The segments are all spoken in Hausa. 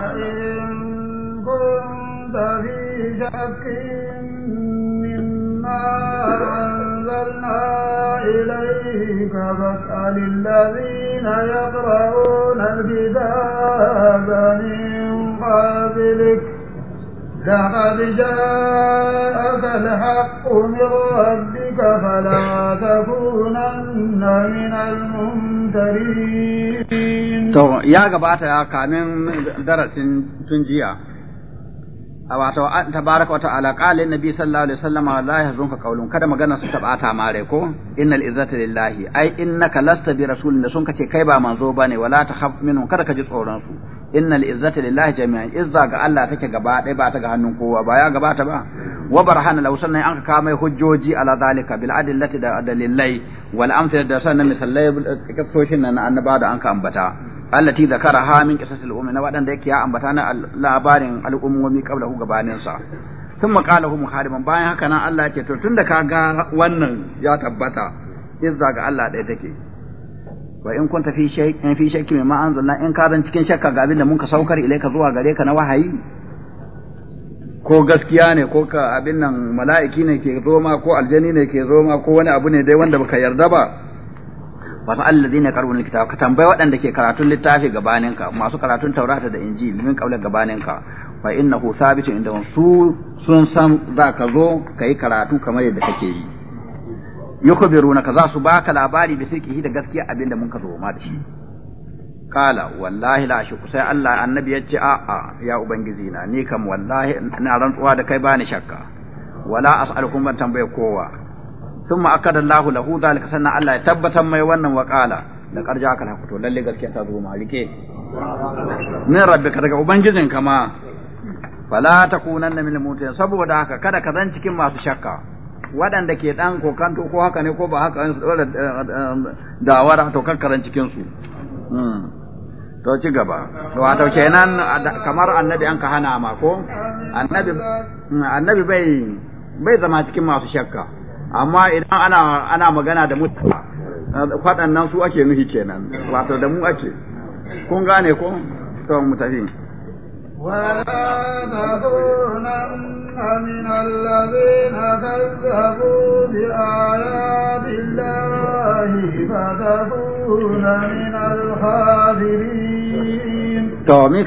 فإن كنت في شك مما أنزلنا إليك فاسأل الذين يقرؤون الكتاب من قبلك لقد جاءك الحق من ربك فلا تكونن من الممترين To, ya gabata ya kamin darasin tun jiya, a wato, tabaraka wata alaƙalin biyu sallallahu alaihi wasallam wa ya zunka kaulun kada magana su ta mare ko inna al’izzata lillahi ai innaka lasta bi rasulun da sun ce kai ba manzo ne, wala ta khaf minhum kada ka ji tsoron su innal lillahi jami'an izza ga Allah take gaba ɗaya ba ta ga hannun kowa ba ya gabata ba wa barhana law sannan an ka kama hujjoji ala zalika bil adillati da dalilai wal amsar da sannan misalai eh, kasoshin nan annaba da an ka ambata allati zakaraha min qisas al-ummi na wadanda yake ya ambata na labarin al'ummomi qablahu gabanin sa sun maqalahu muhariman bayan haka nan Allah ya ce to tunda ka ga wannan ya tabbata izza ga Allah ɗaya take wa in kunta fi shay in fi shakki mimma anzalna in ka zan cikin shakka ga abinda da mun ka saukar ilaika zuwa gare ka na wahayi ko gaskiya ne ko ka abin nan mala'iki ne ke zoma ko aljani ne ke zoma ko wani abu ne dai wanda baka yarda ba wasu alladhina qara'u alkitab ka tambayi waɗanda ke karatun littafi gabanin ka masu karatun taurata da injil min kaula gabanin ka fa innahu sabitun inda su sun san za ka zo kai karatu kamar yadda kake yi yukbiruna ka za su baka labari bi sirkihi da gaskiya abinda mun ka zo ma da shi kala wallahi la shi sai Allah annabi ya ce a ya ubangiji na ni kam wallahi na rantsuwa da kai bani shakka wala as'alukum ban tambaye kowa ثم akada الله له ذلك sannan Allah ya tabbatar mai wannan wa qala da karja للي na fito lalle مالك من ربك رجع rike كما فلا تكونن من kama fala takunanna كذا كذا saboda haka kada cikin masu shakka waɗanda ke ɗan kokanto ko haka ne ko ba haka su to cikin su to ci gaba wato kenan kamar annabi an ka hana ma ko annabi annabi bai bai zama cikin masu shakka amma idan ana ana magana da mutane faɗannan su ake nufi kenan wato da mu ake kun gane ko to mu tafi ولا تكونن من الذين كذبوا بآيات الله فتكون من الخاسرين. تو مين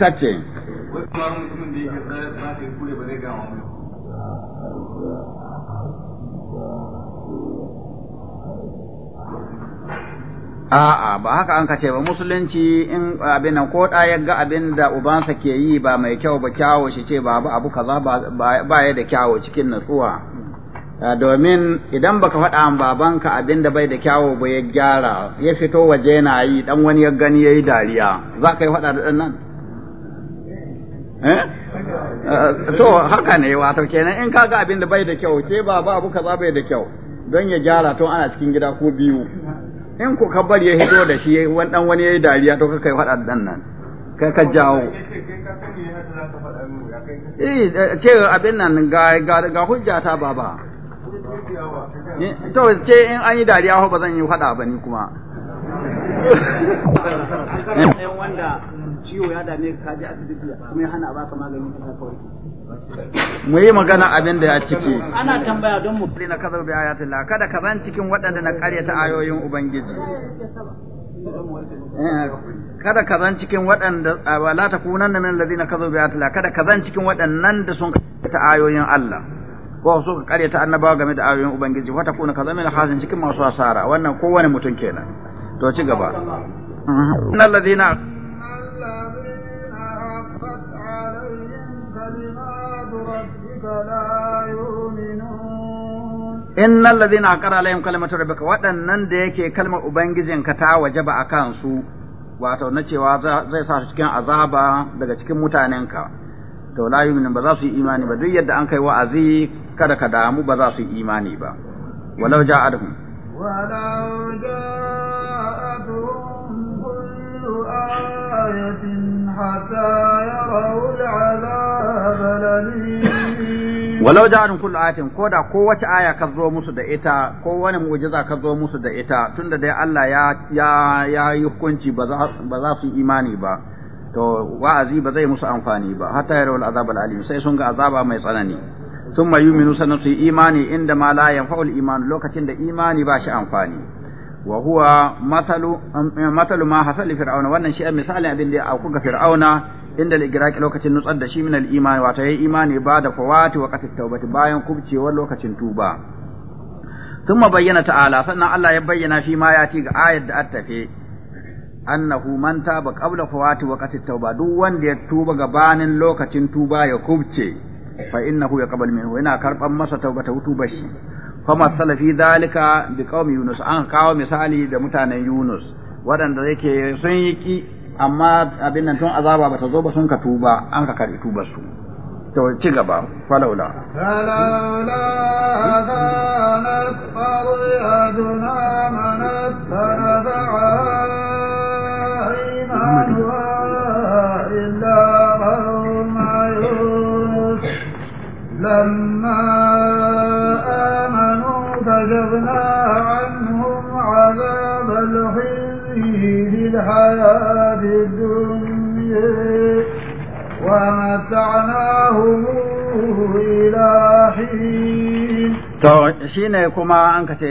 A'a ba haka an kace ba musulunci in abin nan ko da ya ga abin da ubansa ke yi ba mai kyau ba kyawo shi ce ba abu kaza ba ya da kyawo cikin natsuwa. Eh, domin idan baka faɗa babanka abin da bai da kyawo ba ya gyara ya fito waje na yi dan wani ya gani ya yi dariya za ka yi faɗa da ɗan nan? Eh? Eh, to haka ne wato kenan in ka ga abin da bai da kyau ce ba abu kaza bai da kyau don ya gyara to ana cikin gida ko biyu. in ku ka kabbar ya hito da shi wani dan wani yayi dariya to kai faɗa da dan nan kai ka jawo eh, eh ce abin nan ga ga hujja ta baba to ce in an yi dariya ba zan yi faɗa ba ni kuma wanda ciwo ya dame ka je asibiti kuma ya hana ba ka magani ka kawai mu yi magana abin da ya ciki ana tambaya don mu na kaza bi ayatin la kada ka zan cikin waɗanda na karyata ayoyin ubangiji eh, kada ka zan cikin waɗanda wala takunanna min alladhina kazabu bi ayatin la kada ka zan cikin waɗannan da sun karyata ayoyin Allah ko su ka karyata annabawa game da ayoyin ubangiji wata kuna kaza min hasin cikin masu asara wannan kowane mutum kenan to ci gaba na ladina alladhina haqqat alaihim kalimatu ربك لا يؤمنون إن الذين أقر عليهم كلمة ربك وأن Ubangijin كلمة أبنجزين كتا وجب a kansu wato na cewa zai sa su cikin azaba daga cikin mutanenka to la yu'minu ba za su yi imani ba duk yadda an kai wa'azi kada ka damu ba za su yi imani ba walau ja'adhum walau ja'adhum kullu ayatin حتى ko da ko wace aya كل آية musu da ita ko wani دا إتا قوة musu da ita دا إتا تند دا ya يا يا يا يحكمتي بذا في imani ba to wa'azi ba zai musu amfani ba hatta yaro azabar al'alim sai sun ga azaba mai tsanani sun mayu minu sannan su yi imani inda ma la yanfa'ul iman lokacin da imani ba shi amfani wa huwa matalu matalu ma li fir'auna wannan shi misalin abin da ya ga fir'auna inda al-igraqi lokacin nutsar da shi min al-imani wato yi imani ba da fawati wa qatat tawbati bayan kubcewar lokacin tuba thumma bayyana ta'ala sannan Allah ya bayyana shi ma ya ci ga ayat da attafe annahu man taba qabla fawati wa qatat tawba duk wanda ya tuba gabanin lokacin tuba ya kubce fa innahu yaqbal minhu ina karban masa tawbata tubar shi fama salafi dalika bi qaumi yunus an kawo misali da mutanen yunus waɗanda yake sun yi ki amma abin nan tun azaba bata zo ba sun ka tuba an ka karbi tubar su to ci gaba falaula falaula adanat الحياة الدنيا ومتعناهم إلى حين to shine kuma an kace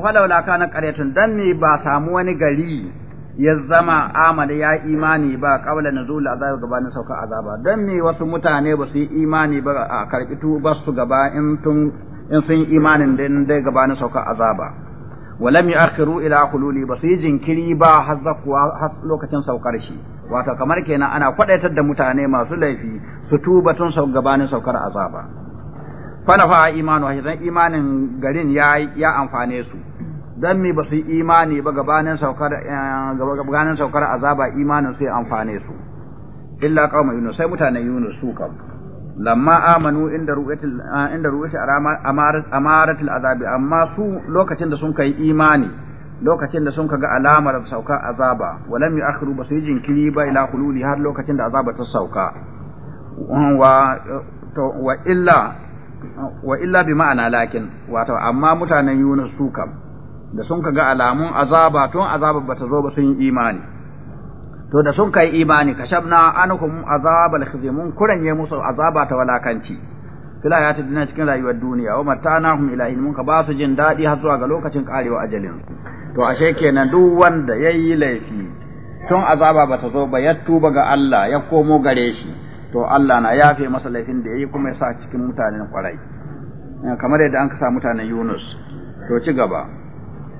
falaula kana qaryatun dan ne ba samu wani gari ya zama amala ya imani ba kabla nuzul azab gabanin sauka azaba dan ne wasu mutane ba su yi imani ba a karkitu ba su gaba in sun imanin din dai gabanin sauka azaba walam yu'akhiru ila hululi ba su yi jinkiri ba har zakuwa har lokacin saukar shi wato kamar kenan ana kwadaitar da mutane masu laifi su tuba tun sau gabanin saukar azaba fa imanu hajjan imanin garin ya ya amfane su dan mi ba su yi imani ba gabanin saukar eh, gabanin saukar azaba imanin sai amfane su illa qauma yunus sai mutanen yunus su kam lamma amanu inda ru'yatil inda ru'yatil amaratil azabi amma su lokacin da sun kai imani lokacin da sun kaga alamar sauka azaba walam yu'akhiru basu yi jinkiri ba ila hululi har lokacin da azaba ta sauka wa wa illa wa illa bi ma'ana lakin wato amma mutanen Yunus su kam da sun kaga alamun azaba tun azaba bata zo ba sun yi imani to da sun kai imani kashabna anhum azab khizy mun kuranye musu azaba ta walakanci ya ta dina cikin rayuwar duniya wa matanahum ila mun ka ba su jin dadi har zuwa ga lokacin karewa ajalin to ashe kenan duk wanda yayi laifi tun azaba bata zo ba ya tuba ga Allah ya komo gare shi to Allah na yafe masa laifin da yayi kuma ya sa cikin mutanen kwarai kamar yadda an ka sa mutanen Yunus to ci gaba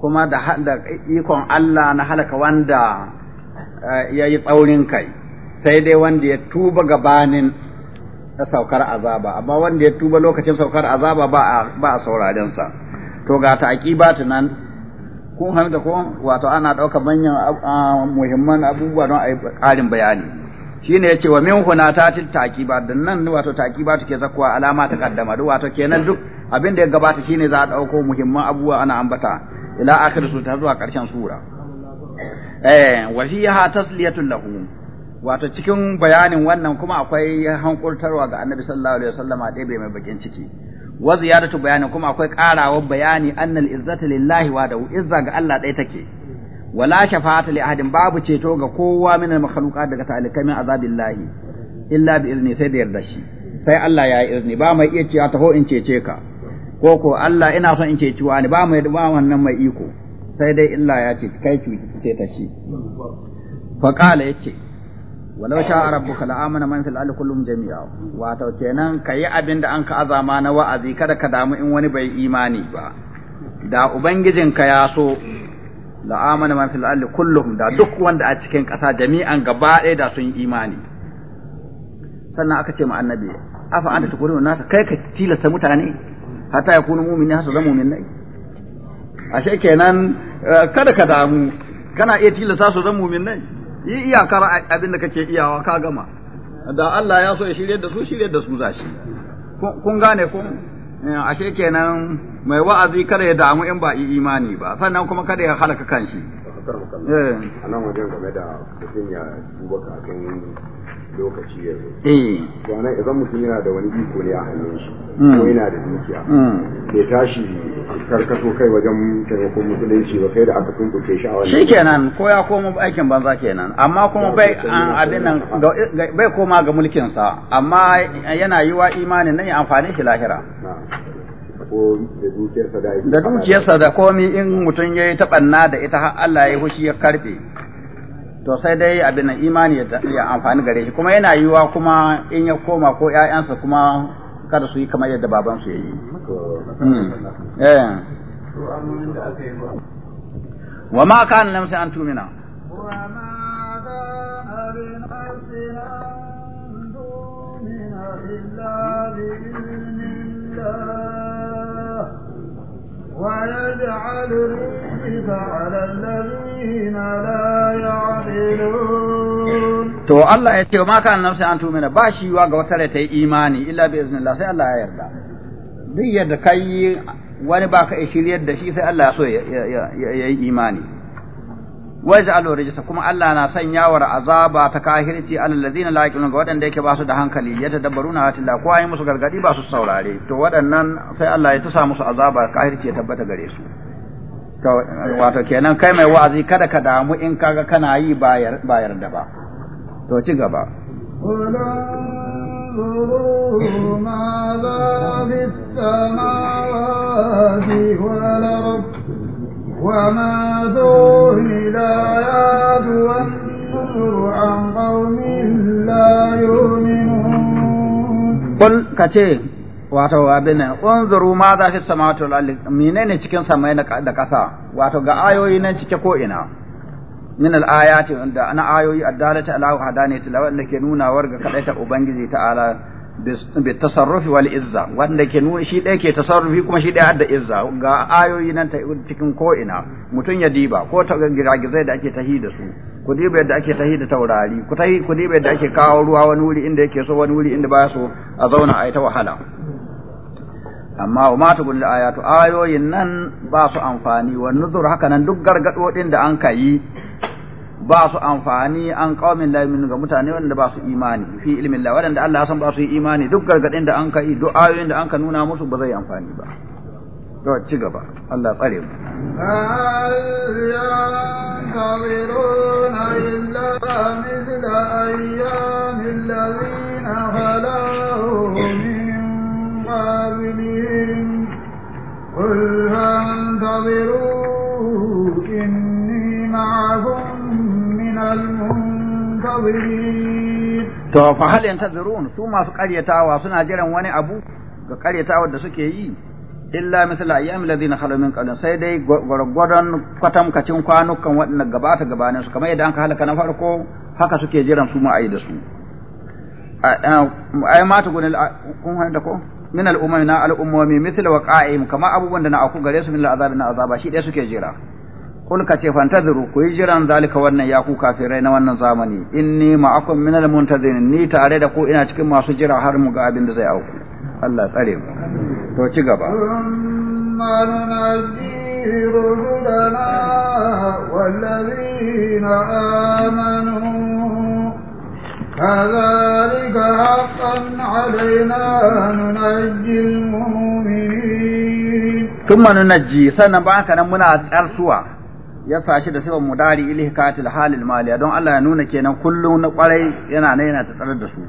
kuma da ikon Allah na halaka wanda eh, ya yi tsaurin kai sai dai wanda ya tuba gabanin saukar azaba amma wanda ya tuba lokacin saukar azaba ba a saurarensa to ga ta aƙibatu nan kun da ko wato ana ɗauka manyan muhimman abubuwa don a yi ƙarin bayani shine yace wa min huna ta taqibat dan nan wato taqibatu ke zakwa alama ta kaddama duk wato kenan duk abin da ya gabata shine za a dauko muhimman abubuwa ana ambata ila akhir su zuwa karshen sura eh wa fiha tasliyatun lahu wato cikin bayanin wannan kuma akwai hankurtarwa ga annabi sallallahu alaihi wasallama ɗebe mai bakin ciki wa ziyadatu bayanin kuma akwai ƙarawar bayani annal izzatu lillahi wa izza ga Allah ɗaya take wala shafa'atu li ahadin babu ceto ga kowa min al makhluqat daga talikai min azabillahi illa bi izni sai da yarda shi sai Allah ya yi izini ba mai iya cewa taho in cece ka ko ko Allah ina son in ce ciwa ne ba yi, ba wannan mai iko sai dai illa ya ce kai ce ta shi fa qala yace walau sha rabbuka la amana man fil ardi kullum jami'a wato kenan kayi abin da an ka azama na wa'azi kada ka damu in wani bai imani ba da ubangijin ka ya so la amana man fil ardi kullum da duk wanda a cikin ƙasa jami'an gaba ɗaya da sun imani sannan aka ce ma annabi afa anta tukuru nasa kai ka tilasta mutane hatta ya kunu mu'mini har su zama mu'minai ashe kenan eh, kada ka damu kana iya tilasta su zama mu'minai yi iyakar abin da kake iyawa ka gama da Allah ya so ya shirye da su shirye da su shi kun gane kun eh, ashe kenan mai wa'azi kada ya damu in ba imani ba sannan kuma kada ya halaka kanshi eh. a nan wajen game da mutum ya duba kakan lokaci ya zo sannan eh. idan mutum yana da wani iko ne a hannun shi mm. ko yana da dukiya mm. bai tashi karkaso kai wajen taimakon musulunci ba kai da aka tumbuke shi a wani shikenan ko ya koma aikin banza kenan amma kuma bai ah, abin nan bai koma ga mulkin sa amma yana yi wa imanin nan ya amfani shi lahira da dukiyarsa da komi in mutum ya yi taɓanna da ita har Allah ya yi hushi ya karfe. to sai dai abin nan imani ya amfani gare shi kuma yana yiwa kuma in ya koma ko ƴaƴansa kuma kada su yi kamar yadda baban su yayi hmm. eh. wa ma kan nan sai an tumina إلا ويجعل الرزق على الذين لا يعقلون to Allah ya ce wa maka nafsi an tumina ba shi wa ga wata ta yi imani illa bi iznillah sai Allah ya yarda duk yadda kai wani baka shiryar da shi sai Allah ya so ya yi imani waj'alu rijsa kuma Allah na sanyawar azaba ta kahirci alal ladina la yaqilun ga wadanda yake ba su da hankali ya tadabbaruna atillah ko ayi musu gargadi ba su saurare to waɗannan sai Allah ya tusa musu azaba kahirci ya tabbata gare su to wato kenan kai mai wa'azi kada ka damu in kaga kana yi bayar da ba to ci gaba وما تغني الآيات والنذر عن قوم لا يؤمنون قل كتير wato abin unzuru ma za fi samatu wal menene cikin samai da ƙasa wato ga ayoyi nan cike ko ina min al ayati da ana ayoyi addalata ala hadani tilawa da ke nuna warga kadaita ubangiji ta'ala bi tasarrufi wal izza wanda ke nuna shi ɗaya ke tasarrufi kuma shi ɗaya da izza ga ayoyi nan cikin ko ina mutum ya diba ko ta giragizai da ake tahi da su ku diba yadda ake tahi da taurari ku tahi ku diba yadda ake kawo ruwa wani wuri inda yake so wani wuri inda baya so a zauna a yi ta wahala amma wa mata gudun ayatu ayoyin nan ba su amfani wa nuzur haka nan duk gargaɗo ɗin da an yi. ba su amfani an qaumin la ga mutane wanda ba su imani fi ilmin la wanda Allah ya san ba su imani duk gargadin da an ka yi duk ayoyin da an ka nuna musu ba zai amfani ba to ci gaba Allah tsare mu قل إني معكم To fa hal yantazirun su masu karyatawa suna jiran wani abu ga karyatawa da suke yi illa misla ayyam alladhina khalu min qablin sai dai gwargwadon kwatamkacin kwanukan waɗanda gabata gabanin su kamar yadda an ka halaka na farko haka suke jiran su ma ayi da su ai ma ta gunil kun da ko min al-umami na al-umami mithla waqa'im kamar abubuwan da na aku gare su min al-azabi na azaba shi dai suke jira kul ka ce ku yi jiran zalika wannan ya ku kafirai na wannan zamani inni ma'akum min muntazirin ni tare da ku ina cikin masu jira har mu ga abin da zai auku Allah tsare mu to ci gaba والذين آمنوا كذلك حقا علينا ننجي المؤمنين ثم ننجي ya shi da sifar mudari katil halil maliya don Allah ya nuna kenan kullum na kwarai yana nan yana ta tsarar da su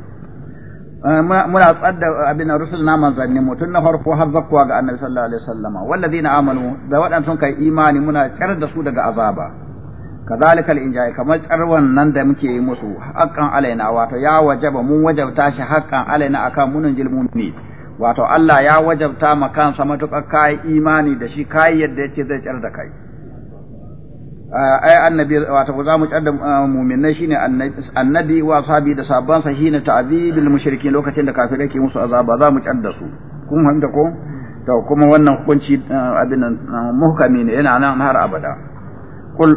eh, muna da abin na rusul na manzanni mutum na farko har zakkuwa ga annabi sallallahu alaihi wasallama wallazina amanu da waɗanda sun kai imani muna tsar da su daga azaba kazalikal injai kamar tsar wannan da muke yi musu haqqan alaina wato ya wajaba mun wajabta shi hakan alaina akan munin jilmuni wato Allah ya wajabta makan sa matukar kai imani da shi kai yadda yake zai tsar da kai ai annabi wato za mu kadda mu'minai shine annabi wa sahabi da sabban sahina ta'dibil mushrikin lokacin da kafirai ke musu azaba za mu kadda su kun fahimta ko to kuma wannan hukunci abin muhkami ne yana nan har abada kul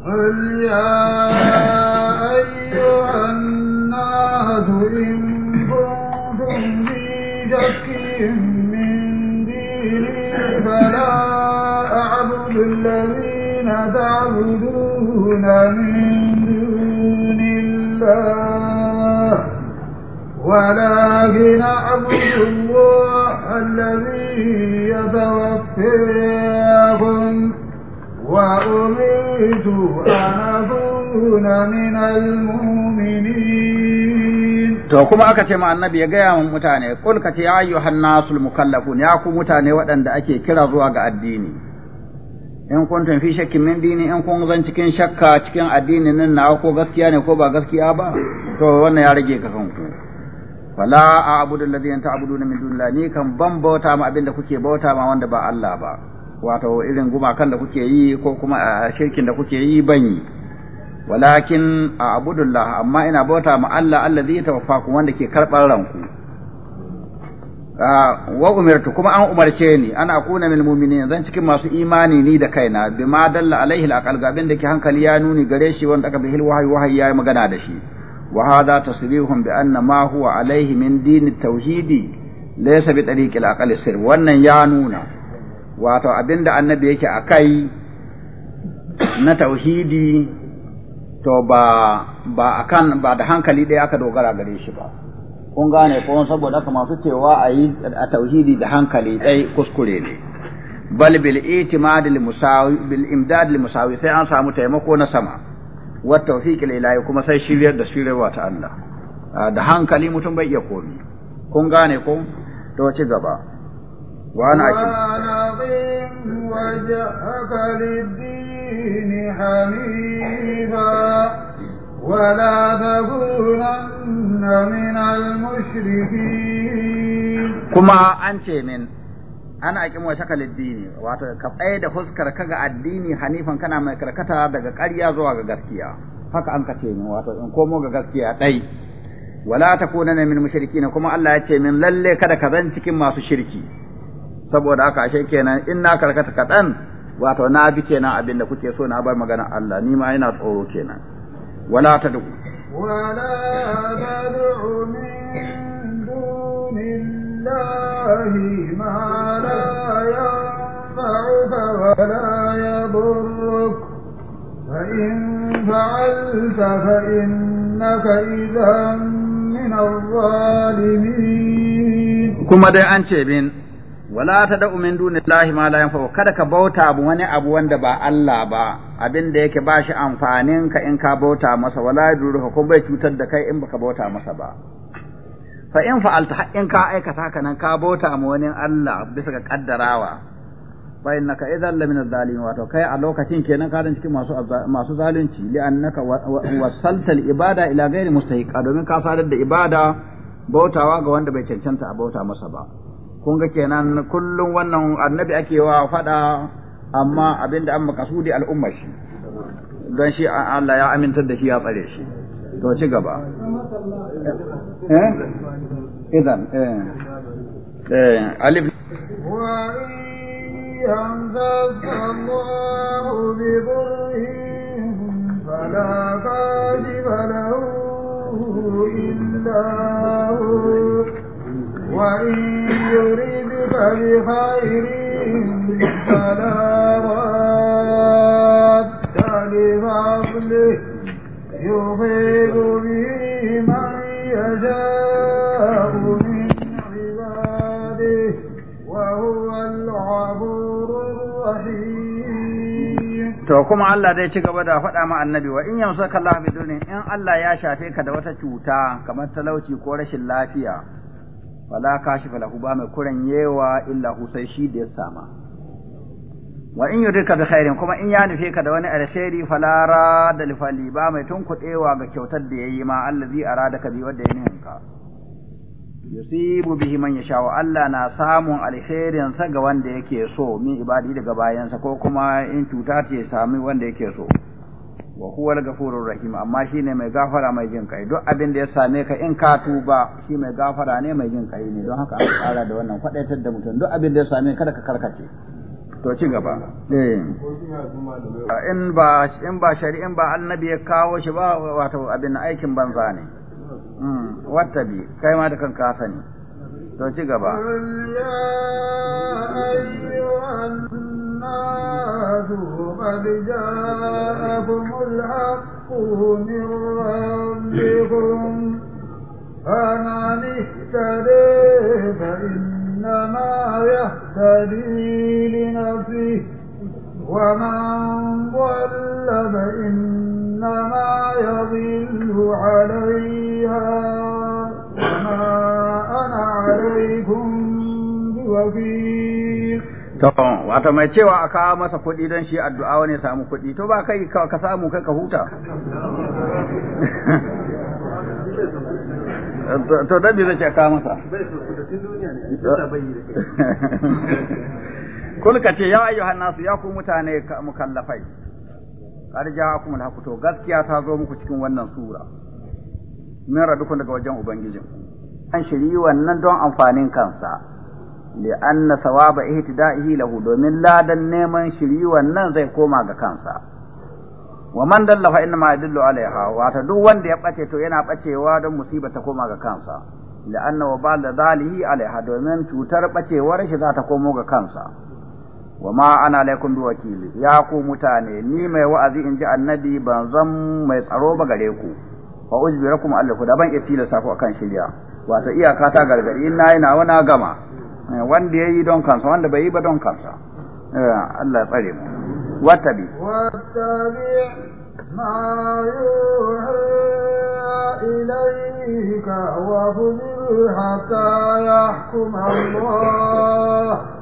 قل يا أيها الناس إن كنتم في شك من ديني فلا أعبد الذي تعبدون من دون الله ولكن أعبد الله الذي يتوفيكم وأمرت أن أكون من المؤمنين to kuma aka ce ma annabi ya gaya min mutane kul ka ce ya ayyuhan nasul mukallafun ya ku mutane waɗanda ake kira zuwa ga addini in kuntum fi shakkin min dini in kun zan cikin shakka cikin addinin nan na ko gaskiya ne ko ba gaskiya ba to wannan ya rage ka kanku fala a'budu alladhina ta'buduna min dunillahi ni kan ban bauta ma abinda kuke bauta ma wanda ba Allah ba wato irin gumakan da kuke yi ko kuma shirkin da kuke yi ban yi walakin a'budu Allah amma ina bauta ma Allah alladhi tawaffaku wanda ke karbar ranku Ah, wa umirtu kuma an umarce ni ana kuna min mu'minin zan cikin masu imani ni da kaina ma dalla alaihi alaqal gabin da ke hankali ya nuni gare shi wanda aka bihil wahayi wahayi ya magana da shi wa hada tasrihum bi anna ma huwa alaihi min din tauhidi laysa bi tariqi alaqal sir wannan ya nuna wato abinda annabi yake akai na tauhidi to ba ba akan ba da hankali ɗaya aka dogara gare shi ba kun gane ko saboda haka masu cewa a yi a tauhidi da hankali dai kuskure ne bal bil itimad al musawi bil imdad lil musawi sai an samu taimako na sama wa tawfiq lil ilahi kuma sai shiryar da shiryarwa ta Allah ah, da hankali mutum bai iya komi kun gane ko to ci gaba wa ana akin wajhaka lid-din hanifa ولا تكونن من المشركين كما أنت من أنا أقيم وجهك للدين واتكفأي da fuskar kaga addini hanifan kana mai karkata daga ƙarya zuwa ga gaskiya haka an kace min wato in komo ga gaskiya dai wala takunanna min mushrikin kuma Allah ya ce min lalle kada ka zan cikin masu shirki saboda haka ashe kenan in na karkata kaɗan wato na bi kenan abin da kuke so na bar magana Allah ni ma ina tsoro kenan ولا تدعو ولا تدعو من دون الله ما لا ينفعك ولا يضرك فإن فعلت فإنك إذا من الظالمين كما دعان أنت wala ta da umin lahi ma la yanfa kada ka bauta abu wani abu wanda ba Allah ba abin da yake ba shi amfanin ka in ka bauta masa wala ya duru ko bai cutar da kai in baka bauta masa ba fa in fa'alta in ka aikata haka nan ka bauta ma wani Allah bisa ga kaddarawa fa innaka idan la min zalimin wato kai a lokacin kenan ka dan cikin masu masu zalunci li annaka wasalta ibada ila ghairi mustahiqa domin ka sadar da ibada bautawa ga wanda bai cancanta a bauta masa ba kun ga kenan kullum wannan annabi ake wa faɗa amma abinda an makasudi al'umma shi don shi Allah ya amintar da shi ya tsare shi to ci gaba eh idan eh eh alif فلا غالب له إلا هو وإن يردك بخير فلا رد لفضله يصيب به من يشاء من عباده وهو الغفور الرحيم to kuma Allah dai ci gaba da faɗa ma annabi wa in yamsaka Allah biduni in Allah ya shafe ka da wata cuta kamar talauci ko rashin lafiya wala kashi lahu ba mai kuran yewa illa hu sai shi da ya sama wa in ka bi khairin kuma in ya nufe ka da wani alheri fala da fali ba mai tunkudewa ga kyautar da yayi ma allazi arada ka bi wadda ya nuhin ka yusibu bihi man yasha wa Allah na samun alkhairin ga wanda yake so min ibadi daga bayansa ko kuma in cuta ta sami wanda yake so wa huwa al-ghafurur rahim amma shine mai gafara mai jin kai duk abin da ya same ka in ka tuba shi mai gafara ne mai jin kai ne don haka an fara da wannan kwadaitar da mutum duk abin da ya same kada ka karkace to ci gaba eh in ba in ba shari'in ba annabi ya kawo shi ba wato abin aikin banza ne hmm. wata bi kai ma da kanka sani to ci gaba الناس قد جاءكم الحق من ربكم فمن اهتدي فإنما يهتدي لنفسه ومن ضل فإنما يضل عليها وما أنا عليكم بوكيل To, wata mai cewa a kawo masa kuɗi don shi addu'a wani ya samu kuɗi, to ba kai ka samu kai ka huta. To, dan bi zai kawo masa. Kulka ce, ya ayyuhan nasu ya ku mutane mukallafai, kar ja kuma da to gaskiya ta zo muku cikin wannan sura. Min radukun daga wajen Ubangijin. An shiri wannan don amfanin kansa. li'anna sawaba ihtida'ihi lahu domin ladan neman shiri wannan zai koma ga kansa wa man dalla fa inna ma yadullu alaiha wato duk wanda ya bace to yana bacewa don musiba ta koma ga kansa li'anna wa ba zalihi alaiha domin cutar bacewar shi za ta komo ga kansa wa ma ana alaikum bi wakili ya ku mutane ni mai wa'azi in ji annabi ban zan mai tsaro ba gare ku fa uzbirakum alaikum da ban ifila safu akan shirya wato iyaka ta gargadi in nayi na wana gama Eh, wanda ya yi don kansa wanda bai yi ba don kansa eh, Allah tsare mu watabi watabi ma yuha ilayka wa hatta yahkum Allah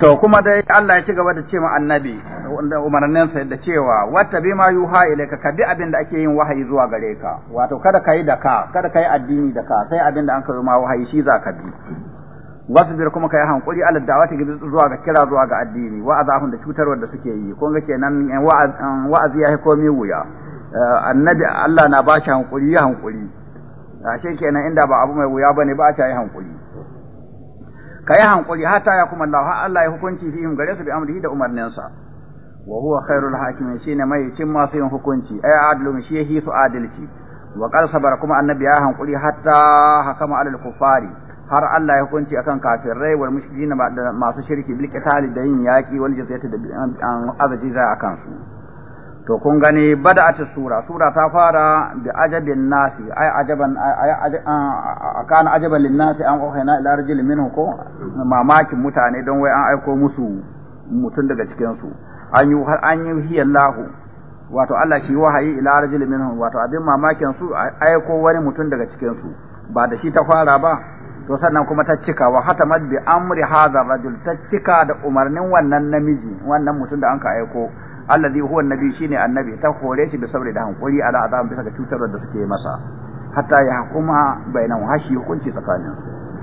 to kuma dai Allah ya ci gaba da ce ma annabi umarnin da cewa wata bi ma yuha ilayka ka bi abin da ake yin wahayi zuwa gare ka wato kada kai da ka kada kai addini da ka sai abin da an kawo ma wahayi shi za ka bi wasbir kuma kai hankuri ala da'wati zuwa ga kira zuwa ga addini wa'azahun da cutarwar da suke yi kun ga kenan wa'azi ya komai wuya eh, annabi Allah na ba shi hankuri hankuri ashe kenan inda ba abu mai wuya bane ba a ta yi hankuli ka yi hankuli hatta ya kuma Allah Allah ya hukunci fihim gare su bi amrihi da sa wa huwa khairul hakimin shine mai cin masu yin hukunci ay adlu shi yahi su adalci wa qal sabar kuma annabi ya hankuli hatta hakama alal kufari har Allah ya hukunci akan kafirai wal mushrikin masu shirki bil qital da yin yaki wal jizyati da azaji za akan su to kun gani bada'at sura sura ta fara bi ajabin nasi ay ajaban ay kana ajaban lin nasi an ohaina ila rajul minhu ko mamakin mutane don wai an aiko musu mutum daga cikin su an yi an yi hiyallahu wato Allah shi wahayi ila rajul minhu wato abin mamakin su aiko wani mutum daga cikin su ba da shi ta fara ba to sannan kuma ta cika wa hatamat bi amri hadha rajul ta cika da umarnin wannan namiji wannan mutum da an ka aiko allazi huwa annabi shine annabi ta hore shi da saboda da hankuri ala azam bisa ga cutarwar da suke masa hatta ya kuma bainan hashi hukunci tsakanin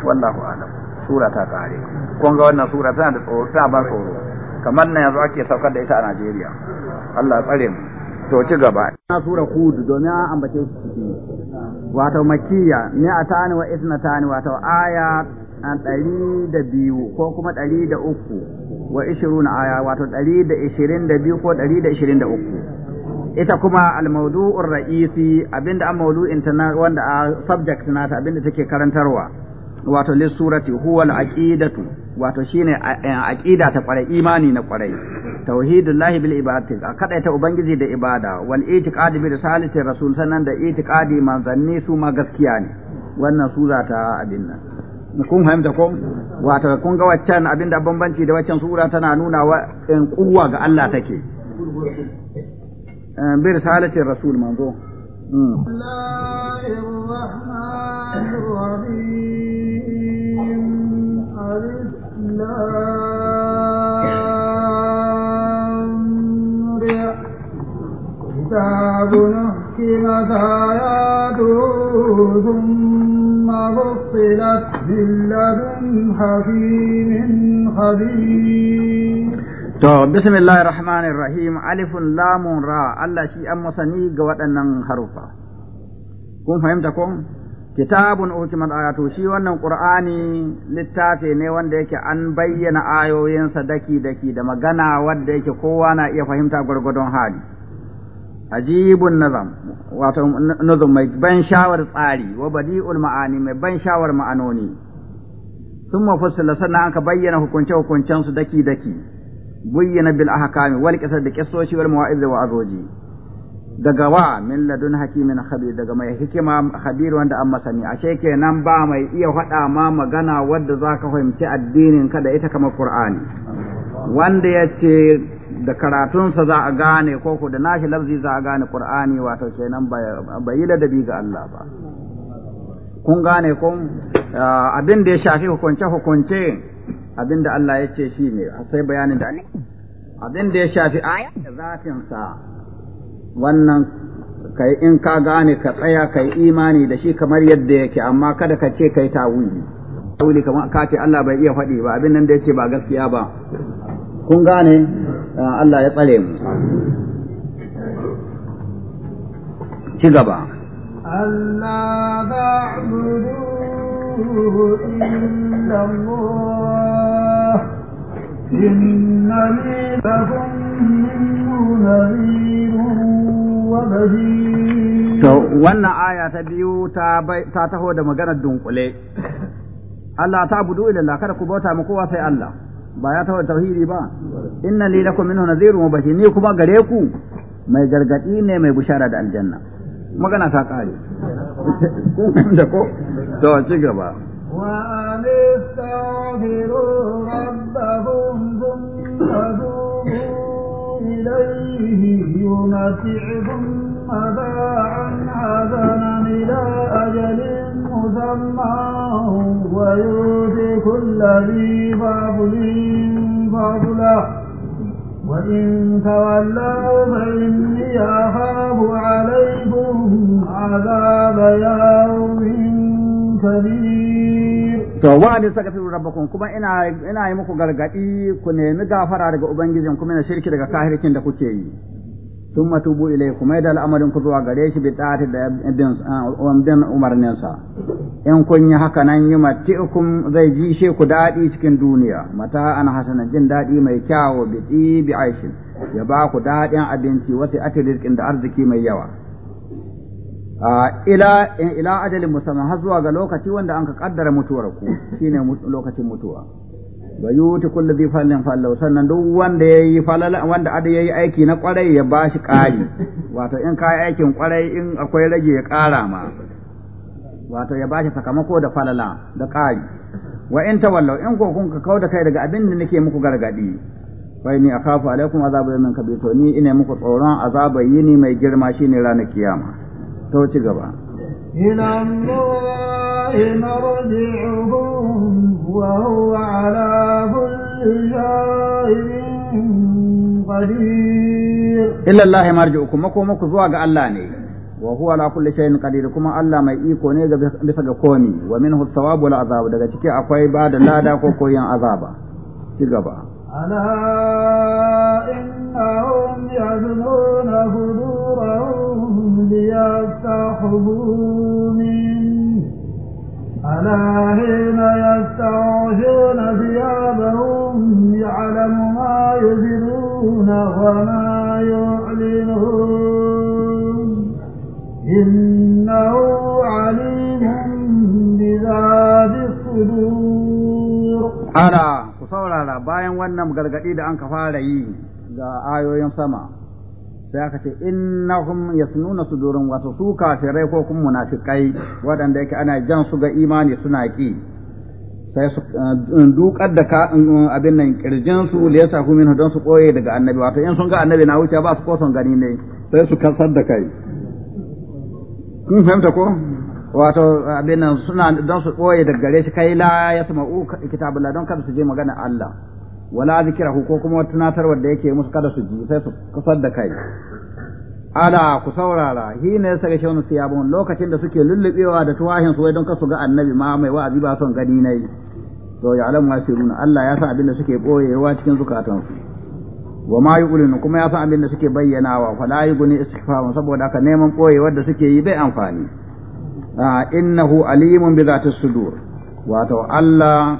wallahu alam sura ta kare kun ga wannan sura tana da tsoro ta ba tsoro kamar nan yanzu ake saukar da ita a Najeriya Allah ya tsare mu to ci gaba na sura hud domin an ambace shi wato makiya ne atani wa isnatani wato aya ɗari da biyu ko kuma ɗari da uku wa ishirun aya wato ɗari da ishirin da biyu ko ɗari da ishirin da uku ita kuma almaudu'ur ra'isi abinda an maudu'in ta wanda a subject na ta abinda take karantarwa wato lissurati huwa al-aqidatu wato shine eh, aqida ta kwarai imani na kwarai tauhidullahi bil ibadati kada ta ubangiji da ibada wal itiqadi bi risalati rasul sanan da itiqadi manzanni su ma gaskiya ne wannan sura ta abin nan kun fahimta ko wato kun ga waccan abinda bambanci da waccan sura tana nuna wa in kuwa ga Allah take eh, bi risalatin rasul manzo كتاب أحكمت آياته ثم فصلت من حكيم خبير To, bismillahir rahmanir rahim alifun lamun ra Allah shi an masani ga waɗannan harufa. Kun fahimta ko Kitabun hukimat ayatu shi wannan Qur'ani littafi ne wanda yake an bayyana ayoyinsa daki-daki da magana wanda yake kowa na iya fahimta gwargwadon hali. ajibun nazam wato nazam mai ban shawar tsari wa badi'ul ma'ani mai ban shawar ma'anoni sun mafassala sannan aka bayyana hukunce hukuncen su daki daki bayyana bil ahkami wal qisas da qissoshi wal mawa'iz da wa'azoji daga wa min ladun hakimin khabir daga mai hikima khabir wanda an masani ashe kenan ba mai iya faɗa ma magana wadda zaka fahimci addinin ka da ita kamar qur'ani wanda yace da karatunsa za a gane ko ko da nashi lafzi za a gane qur'ani wato kenan bai yi ladabi ga Allah ba kun gane kun ah, abin da ya shafi hukunce hukunce abin da Allah ya ce shi ne sai bayanin da abin da ya shafi aya da zatin sa wannan kai in ka gane ka tsaya kai imani da shi kamar yadda yake amma kada ka ce kai tawuli tawuli kamar ka ce Allah bai iya faɗi ba abin nan da yake ba gaskiya ba kun gane ah, Allah ya tsare mu ci gaba to wannan aya ta biyu ta ta taho da maganar dunkule Allah ta budu illa Allah kada ku bauta mu kowa sai Allah ba ya tawa tauhidi ba inna li lakum minhu nadhirun wa bashir ni kuma gare ku mai gargadi ne mai bushara da aljanna magana ta kare kun da ko to ci gaba wa استغفروا ربهم ثم ilayhi إليه يمتعكم متاعا حسنا إلى أجل مسمى ويؤتي كل ذي فضل فضله وإن تولوا فإني أخاف عليكم عذاب يوم كبير to wa'ani saka fi rabbakum kuma ina yi muku gargadi ku nemi gafara daga ubangijin kuma na shirki daga kahirkin da kuke yi sun matubu ilai kuma da al'amarin ku zuwa gare shi bi ta'ati da bin umarninsa in kun yi haka nan yi mati'ukum zai ji she ku daɗi cikin duniya mata ana hasana jin daɗi mai kyawo bi bi aishin ya ba ku daɗin abinci wasu ati rizkin da arziki mai yawa ila ajalin musamman har zuwa ga lokaci wanda an ka kaddara mutuwar ku shine lokacin mutuwa ba yuti kullu dhi fallin sannan duk wanda yayi falala wanda ada yayi aiki na kwarai ya bashi ƙari wato in kai aikin kwarai in akwai rage ya ƙara ma wato ya bashi sakamako da falala da ƙari wa in wallau in ko kun ka kauda kai daga abin da nake muku gargadi fa ni akhafu alaikum azabu yamin kabito ni ina muku tsoron azabai yini mai girma shine ranar kiyama to ci gaba إلى الله مرجعهم وهو على كل شيء قدير إلى الله مرجعكم مكو مكو زواج الله ne wa huwa ala shay'in qadir kuma Allah mai iko ne ga bisa ga komi wa minhu thawabu wal azab daga ciki akwai ba da lada ko koyan azaba ci gaba ألا إنهم يبنون هدورهم ليستحبوا منه ألا حين يستعجون ثيابهم يعلم ما يبدون وما يعلنون إنه عليم بذات الصدور ألا saurara bayan wannan gargadi da an ka fara yi ga ayoyin sama sai aka ce innahum yasnuna sudurun wato su kafirai ko kuma munafikai waɗanda yake ana jan su ga imani suna ki sai su eh, dukar da ka abin nan kirjin su da yasa kuma don su koye daga annabi wato in sun ga annabi na wuce ba su ko son gani ne sai su kasar da kai kun fahimta ko wato abin suna don su ɓoye daga gare shi kai la ya sama u kitabullah don kada su je magana Allah wala zikirahu ko kuma tunatarwar da yake musu kada su ji sai su kusar da kai ala ku saurara hi ne saka shawnu siyabun lokacin da suke lullubewa da tuwahin su wai don kasu ga annabi ma mai wa'azi ba son gani nayi to ya alam wasirun Allah ya sa abin da suke boyewa cikin zukatansu wa ma yuqulun kuma ya sa abin da suke bayyanawa fa la yuquni istighfarun saboda haka neman boyewa da suke yi bai amfani Ah, innahu alimun bi zati sudur wato Allah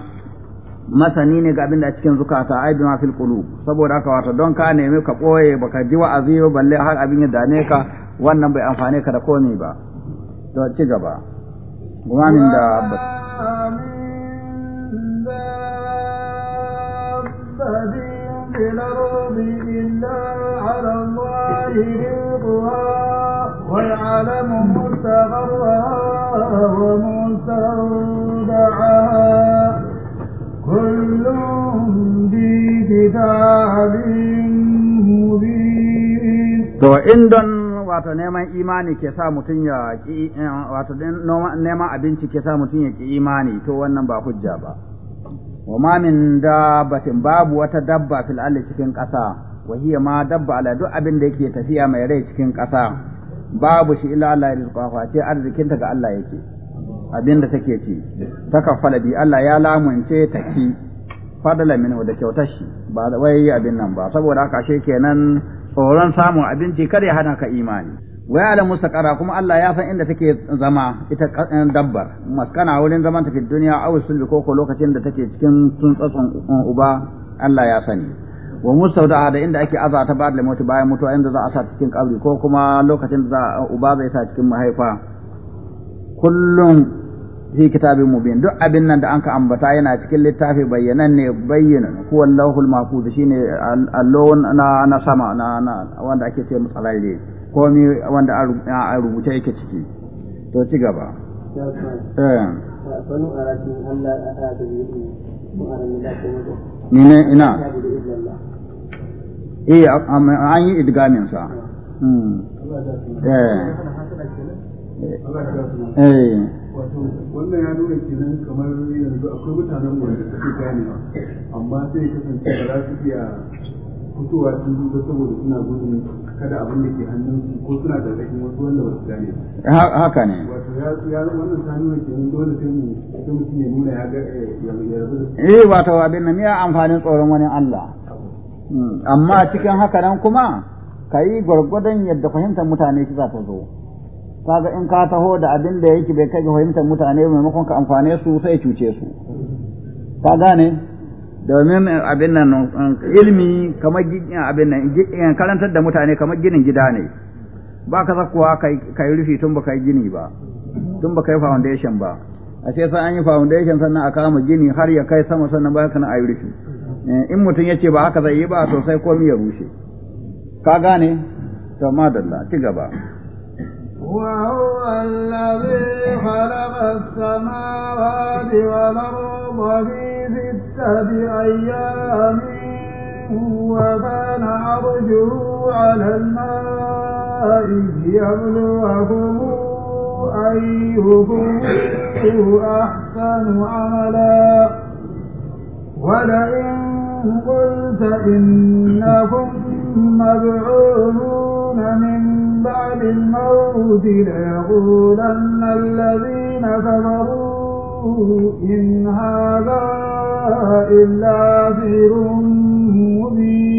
masani ne ga abin da cikin zukata ai bima fil qulub saboda haka wato don ka nemi ka boye baka ji wa'azi ba balle har abin ya dane ka wannan bai amfane ka da komai ba to ci gaba kuma min da abba amin الأرض إلا على الله رزقها ويعلم مستقرها ومستودعها كل في كتاب مبين تو إندن wato neman imani ke sa mutum ya ki wato neman abinci ke sa mutum ya ki imani to wannan ba hujja ba wa ma min dabbatin babu wata dabba fil ardi cikin ƙasa wa hiya ma dabba ala duk abin da yake tafiya mai rai cikin ƙasa babu shi illa Allah rizqaha ce ta ga Allah yake abin da take ci ta kafala bi Allah ya lamunce ta ci fadala min da kyautar shi ba wai abin nan ba saboda haka kenan tsoron samun abinci kar ya hana ka imani wa ya'lamu mustaqara kuma Allah ya san inda take zama ita eh, dabbar maskana wurin zaman ta duniya duniya aw sulbi ko lokacin da take cikin tsuntsatsun eh, uba Allah ya sani wa mustauda da inda ake aza ta bada mutu bayan mutuwa inda za a sa cikin kabri ko kuma lokacin da uba zai sa cikin mahaifa kullum fi kitabin mubin duk abin nan da anka ambata yana cikin littafi ne bayyana huwa allahul mahfuz shine allon na na sama na wanda ake ce mutsalale komi wanda a rubuta yake ciki to ci gaba Mine eh. ina? Eh, an yi idgamin sa. Hmm. Eh. Eh. wannan ya nuna kenan kamar yanzu akwai mutanen mu da suke gane amma sai kasance ba za su iya fitowa sun duba saboda suna gudun kada abin da ke hannunsu ko suna da rashin wasu wanda ba su gane haka ne wato ya wannan ta nuna kenan dole sai mu sai mutum ya nuna ya ga eh, ya rabu da eh wato abin nan ya amfanin tsoron wani Allah hmm, amma cikin haka nan kuma ka yi gwargwadon yadda fahimtar mutane shi za ta zo kaga in ka taho da abin da yake bai kai ga fahimtar mutane maimakon ka amfane su sai cuce su ka gane domin eh, abin nan eh, ilmi kamar eh, abin nan karantar da mutane kamar ginin gida ne ba ka kuwa ka yi rufi tun ba ka yi gini ba tun ba ka yi foundation ba a ce sai an yi foundation sannan a kama gini har ya kai sama sannan bayan kana a yi rufi in mutum ya ce ba haka zai yi ba to sai komi ya rushe ka gane to madalla ci gaba وهو الذي خلق السماوات والأرض في ستة أيام وكان عرشه على الماء ليبلوكم أيكم أحسن عملا ولئن قلت إنكم مبعوثون من بعد الموت ليقولن الذين كفروا إن هذا إلا سحر مبين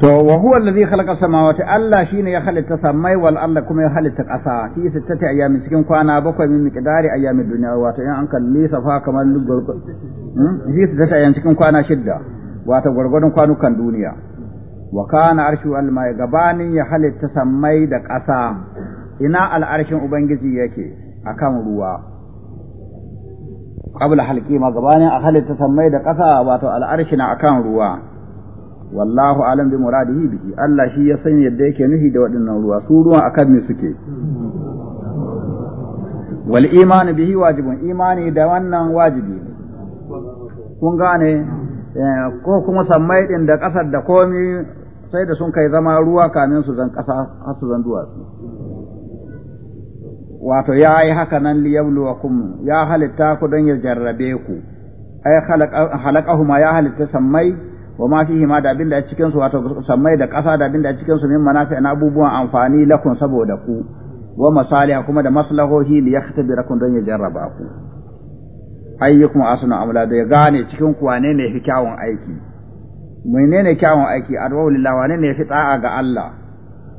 to wa huwa alladhi khalaqa samawati Allah shi ne ya halitta samai wal Allah kuma ya halitta ƙasa fi sittati ayyamin cikin kwana bakwai min miqdari ayyamin duniya. wato in an kalli safa kamar lugar hmm? fi sittati ayyamin cikin kwana shidda wato gwargwadon kwanukan duniya wa kana arshu almai gabanin ya halitta sammai da ƙasa ina al'arshin ubangiji yake akan ruwa qabla halqi ma gabanin a halitta sammai da ƙasa wato al'arshi na akan ruwa wallahu alam bi muradihi bihi Allah shi ya san yadda yake nufi da waɗannan ruwa su ruwan akan me suke wal imani bihi wajibun imani da wannan wajibi ne kun gane eh, ko kuma sammai din da ƙasar da komi sai da sun kai zama ruwa kamin su zan ƙasa har su zan duwatsu wato ya yi haka nan liyabluwakum ya halitta ku don ya jarrabe ku ai huma ya halitta sammai wa ma fihi ma da abin da a cikin su wato sammai da ƙasa da abin da a cikin su min manafi na abubuwan amfani lakun saboda ku wa masaliha kuma da maslahohi li yaktabirakum don ya jarraba ku ayyukum asna amla da ya gane cikin ku wane ne fi kyawun aiki menene kyawun aiki arwahu lillah wane ne fi ta'a ga Allah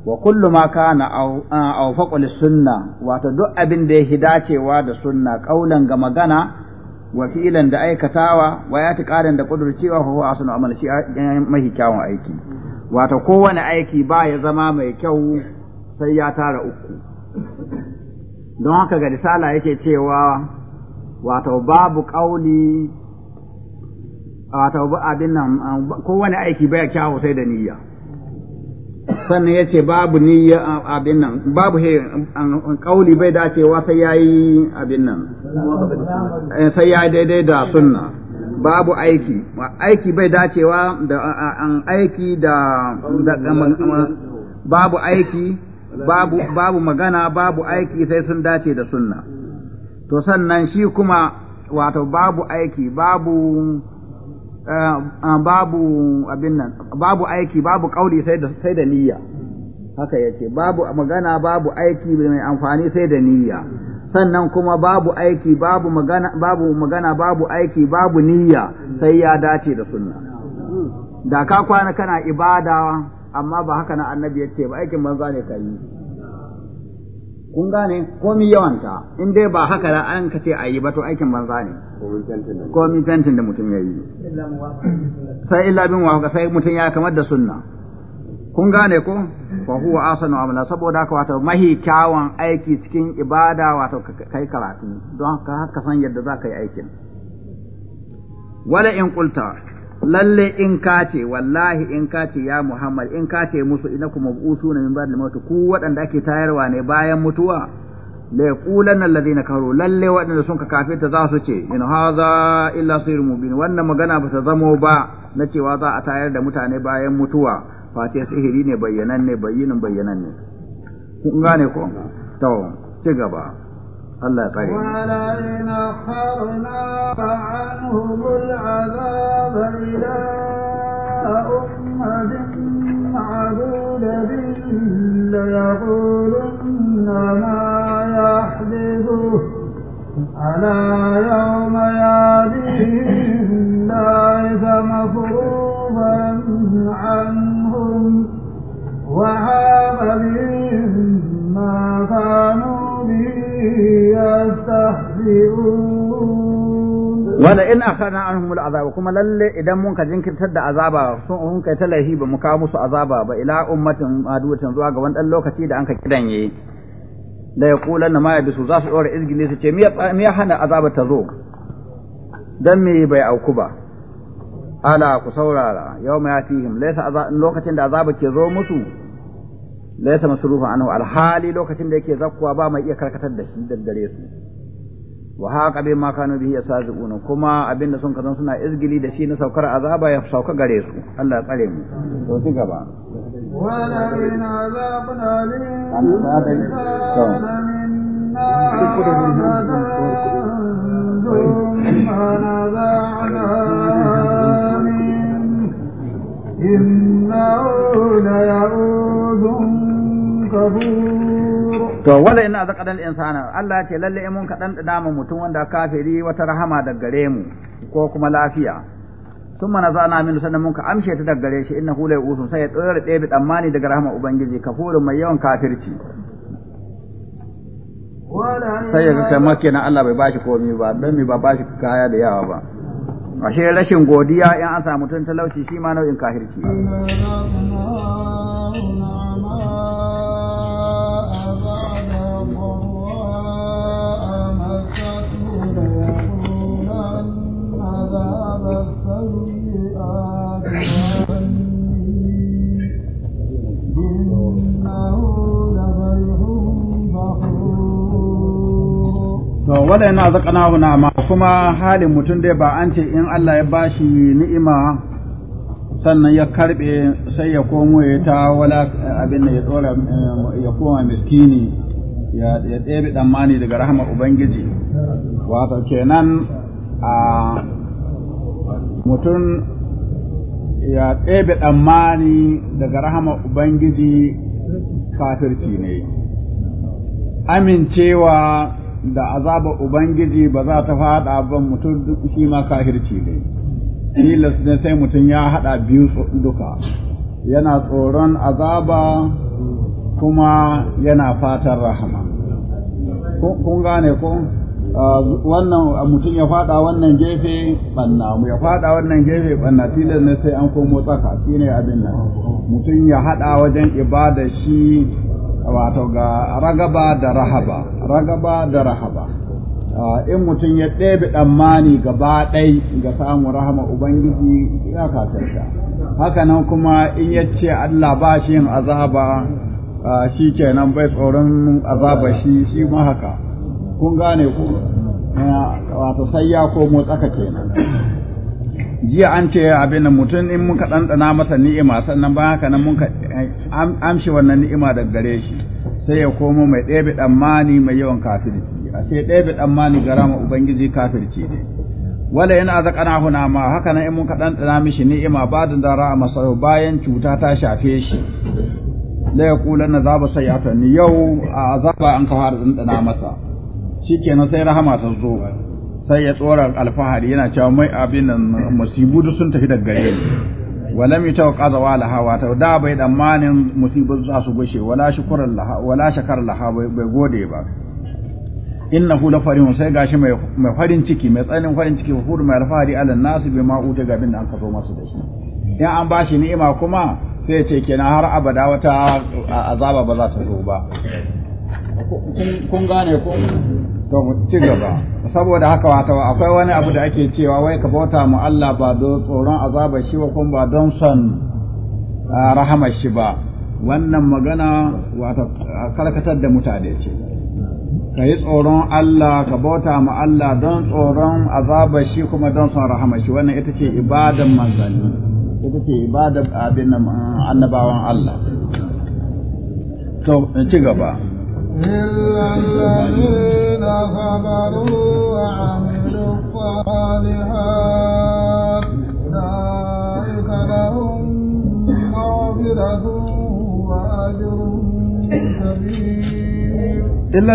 wa kullu ma kana aw sunna wato duk abin da yake dacewa da sunna kaulan ga magana wa fi'lan da aikatawa wa yatiqadan da kudurcewa fa huwa asnu amal shi kyawun aiki wato kowane aiki ba ya zama mai kyau sai ya tara uku don haka ga risala yake cewa wato babu qauli wato abin nan kowane aiki baya kyawu sai da niyya sannan ya ce babu niyya abin nan babu he kauli bai dacewa sai ya yi abin nan eh, sai ya daidai da sunna babu aiki aiki bai dacewa da an aiki da babu aiki babu babu magana babu aiki sai sun dace da sunna to sannan shi kuma wato babu aiki babu babu abin nan babu aiki babu kauli sai da niyya haka yace babu magana babu aiki mai amfani sai da niyya sannan kuma babu aiki babu magana babu magana babu aiki babu niyya sai ya dace da sunna da ka kwana kana ibada amma ba haka na annabi yace ba aikin banza ne ka kun gane komi yawanta in dai ba haka da an kace a yi ba to aikin banza ne komi fentin da mutum ya yi sai illa bin wa sai mutum ya kamar da sunna kun gane ko fa huwa asanu amala saboda haka wato mahi kyawun aiki cikin ibada wato kai karatu don haka ka san yadda za ka yi aikin wala in qulta lalle in ka ce wallahi in ka ce ya Muhammad in ka ce musu ina kuma butu na min ba'd al ku waɗanda ake tayarwa ne bayan mutuwa la yaqulanna alladhina kafaru lalle waɗanda sun ka kafirta za su ce in hadha illa sirrun mubin wannan magana ba ta zamo ba na cewa za a tayar da mutane bayan mutuwa face sihiri ne bayyananne bayyinin bayyananne kun gane ko to ci gaba الله يطريق ولئن أخرنا عنهم العذاب إلى أمة معدودة ليقولن ما يحدثه على يوم يأتيهم ليس مصروفا عنهم وحاق بهم ما كانوا به wanda in an anhum azaba kuma lalle idan mun ka jinkirtar da azaba sun kai talahi ba mu kawo musu azaba ba ila ummatin aduwatin zuwa ga wani dan lokaci da an ka kidanye da ya kula na ma su za su dora izgili su ce me ya hana azaba ta zo dan me bai auku ba ala ku saurara yau yawma yatihim laysa lokacin da azaba ke zo musu laisa masrufa anhu alhali lokacin da yake zakkuwa ba mai iya karkatar da shi daddare su wa haqa ma kanu bihi yasazuna kuma abinda sun kazan suna izgili da shi na saukar azaba ya sauka gare su Allah ya tsare mu to ci gaba wa la إنه to wala ina zaka insana Allah ya ce lalle in mun ka dan dama mutum wanda kafiri wata rahama da gare mu ko kuma lafiya sun mana zana min sannan mun ka amshe ta daga gare shi inna hu lai usun sai ya tsore ɗebe tsammani daga rahama ubangiji kafurin mai yawan kafirci sai ya kai maka na Allah bai bashi komi ba don mi ba bashi kaya da yawa ba ashe rashin godiya in an samu tun talauci shi ma nau'in kafirci. to wala yana zakana na ma kuma halin mutum dai ba an ce in Allah ya bashi ni'ima sannan ya karbe sai ya komo ya ta wala abin da ya tsora eh, ya koma miskini ya ɗebe tsammani daga rahama ubangiji wato kenan a mutum ya ɗebe tsammani daga rahama ubangiji kafirci ne amincewa da azaba ubangiji ba za ta fada ba mutum duk shi ma kahirci ne tilas ne sai mutum ya hada biyu duka yana tsoron azaba kuma yana fatan rahama kun gane ko wannan mutum ya fada wannan gefe banna mu ya fada wannan gefe banna tilas ne sai an komo tsaka shine abin nan mutum ya hada wajen ibada shi wato ga ragaba da rahaba ragaba da rahaba ah, in mutum ya ɗebe tsammani gaba ɗai ga samun rahama ubangiji ya kafirta haka nan kuma in ya ce Allah ba shi yin azaba ah, shi kenan bai tsoron azaba shi shi ma haka kun gane ku ah, wato sai ya komo tsaka kenan jiya an ce abin da mutum in muka ɗanɗana masa ni'ima sannan ba haka nan muka eh, amshi wannan ni'ima daga gare shi sai ya komo mai ɗebe ɗammani mai yawan kafirci a sai ɗebe ɗammani ma ubangiji kafirci ne wala yana azaqana huna ma haka nan in muka ɗanɗana mishi ni'ima ba da dara a masarau bayan cuta ta shafe shi la yaqulanna zaba sayyatan yau a zaba an har ɗanɗana masa shikenan sai rahama ta zo sai ya tsora alfahari yana cewa mai abin nan musibu duk sun tafi daga gare ni walam yatawqa zawa laha wa ta da bai manin musibu za su gushe wala shukran laha wala shakar laha bai gode ba innahu la farihun sai gashi mai mai farin ciki mai tsanin farin ciki hudu mai alfahari ala nasu bima uta ga bin da aka zo masa da shi in an bashi ni'ima kuma sai ya ce kenan har abada wata azaba ba za ta zo ba kun gane ko to mu ci gaba saboda haka wato akwai wani abu da ake cewa wai ka bauta mu Allah ba don tsoron azabar shi kun ba don son rahamar shi ba wannan magana wato karkatar da mutane ce ka yi tsoron Allah ka bauta mu Allah don tsoron azabar shi kuma don son rahamar shi wannan ita ce ibadan manzanni ita ce ibadan abin annabawan Allah to ci gaba إلا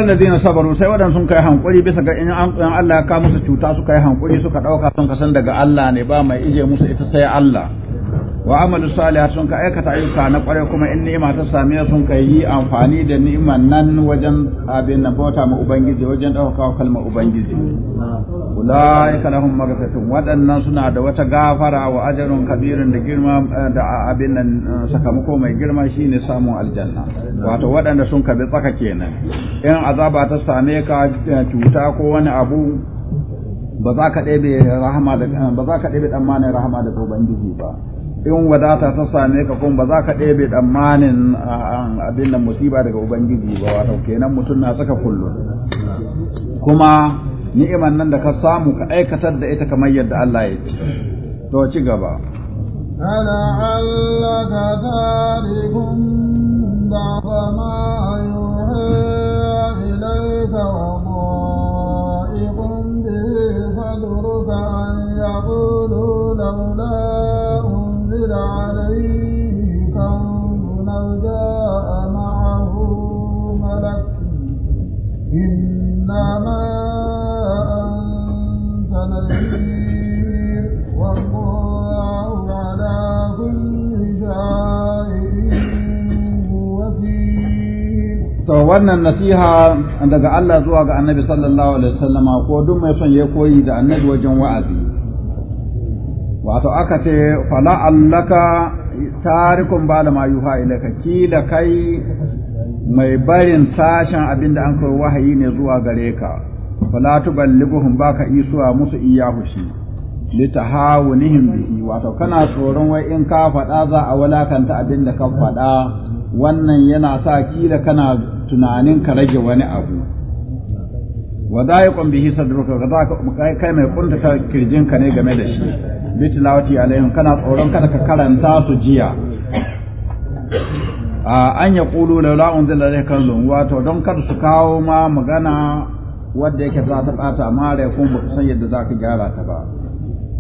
da صبروا sabaru sai wadan sun kai hankuri bisa ga in an Allah ya ka musu cuta suka yi hankuri suka dauka sun kasan daga Allah ne ba mai ije musu ita sai Allah wa amalu salihah sun ka aikata ayyuka na kware kuma in ni'ima ta same sun ka yi amfani da ni'iman nan wajen abin na bauta ma ubangiji wajen ɗaukaka kalmar ubangiji ulaika lahum maghfiratun waɗannan suna da wata gafara wa ajrun kabirin da girma da abin nan sakamako mai girma shine samu aljanna wato waɗanda sun bi tsaka kenan in azaba ta same ka cuta ko wani abu ba za ka ɗebe rahama da ba za ka ɗebe tsammanin rahama da ubangiji ba in wadata ta same ka kuma ba za ka ɗebe tsammanin abin nan musiba daga ubangiji ba wato kenan mutum na saka kullum kuma ni'iman nan da ka samu ka aikatar da ita kamar yadda Allah ya ce to ci gaba فلعلك تارك بعض ما يوحى إليك لولا أنزل عليه كنز أو جاء معه ملك إنما أنت نذير والله على كل شيء To wannan nasiha daga Allah zuwa ga Annabi sallallahu alaihi ko duk mai son ya koyi da Annabi wajen wa'azi wato aka ce fala allaka tarikun ba da mayuha kila kai mai barin sashen abinda da an kai wahayi ne zuwa gare ka fala tuballighuhum baka isuwa musu iyahu shi tahawunihim bihi wato kana tsoron wai in ka faɗa za a walakanta abinda ka faɗa wannan yana sa kila kana tunanin ka rage wani abu wa da'iqun bihi sadruka kai mai kuntata kirjinka ne game da shi bitilawati alaihim kana tsoron kada ka karanta su jiya an ya kulu laula unzila alaihi kanzun wato don kada su kawo ma magana wadda yake za ta bata ma rai kuma ba san yadda za ka gyara ta ba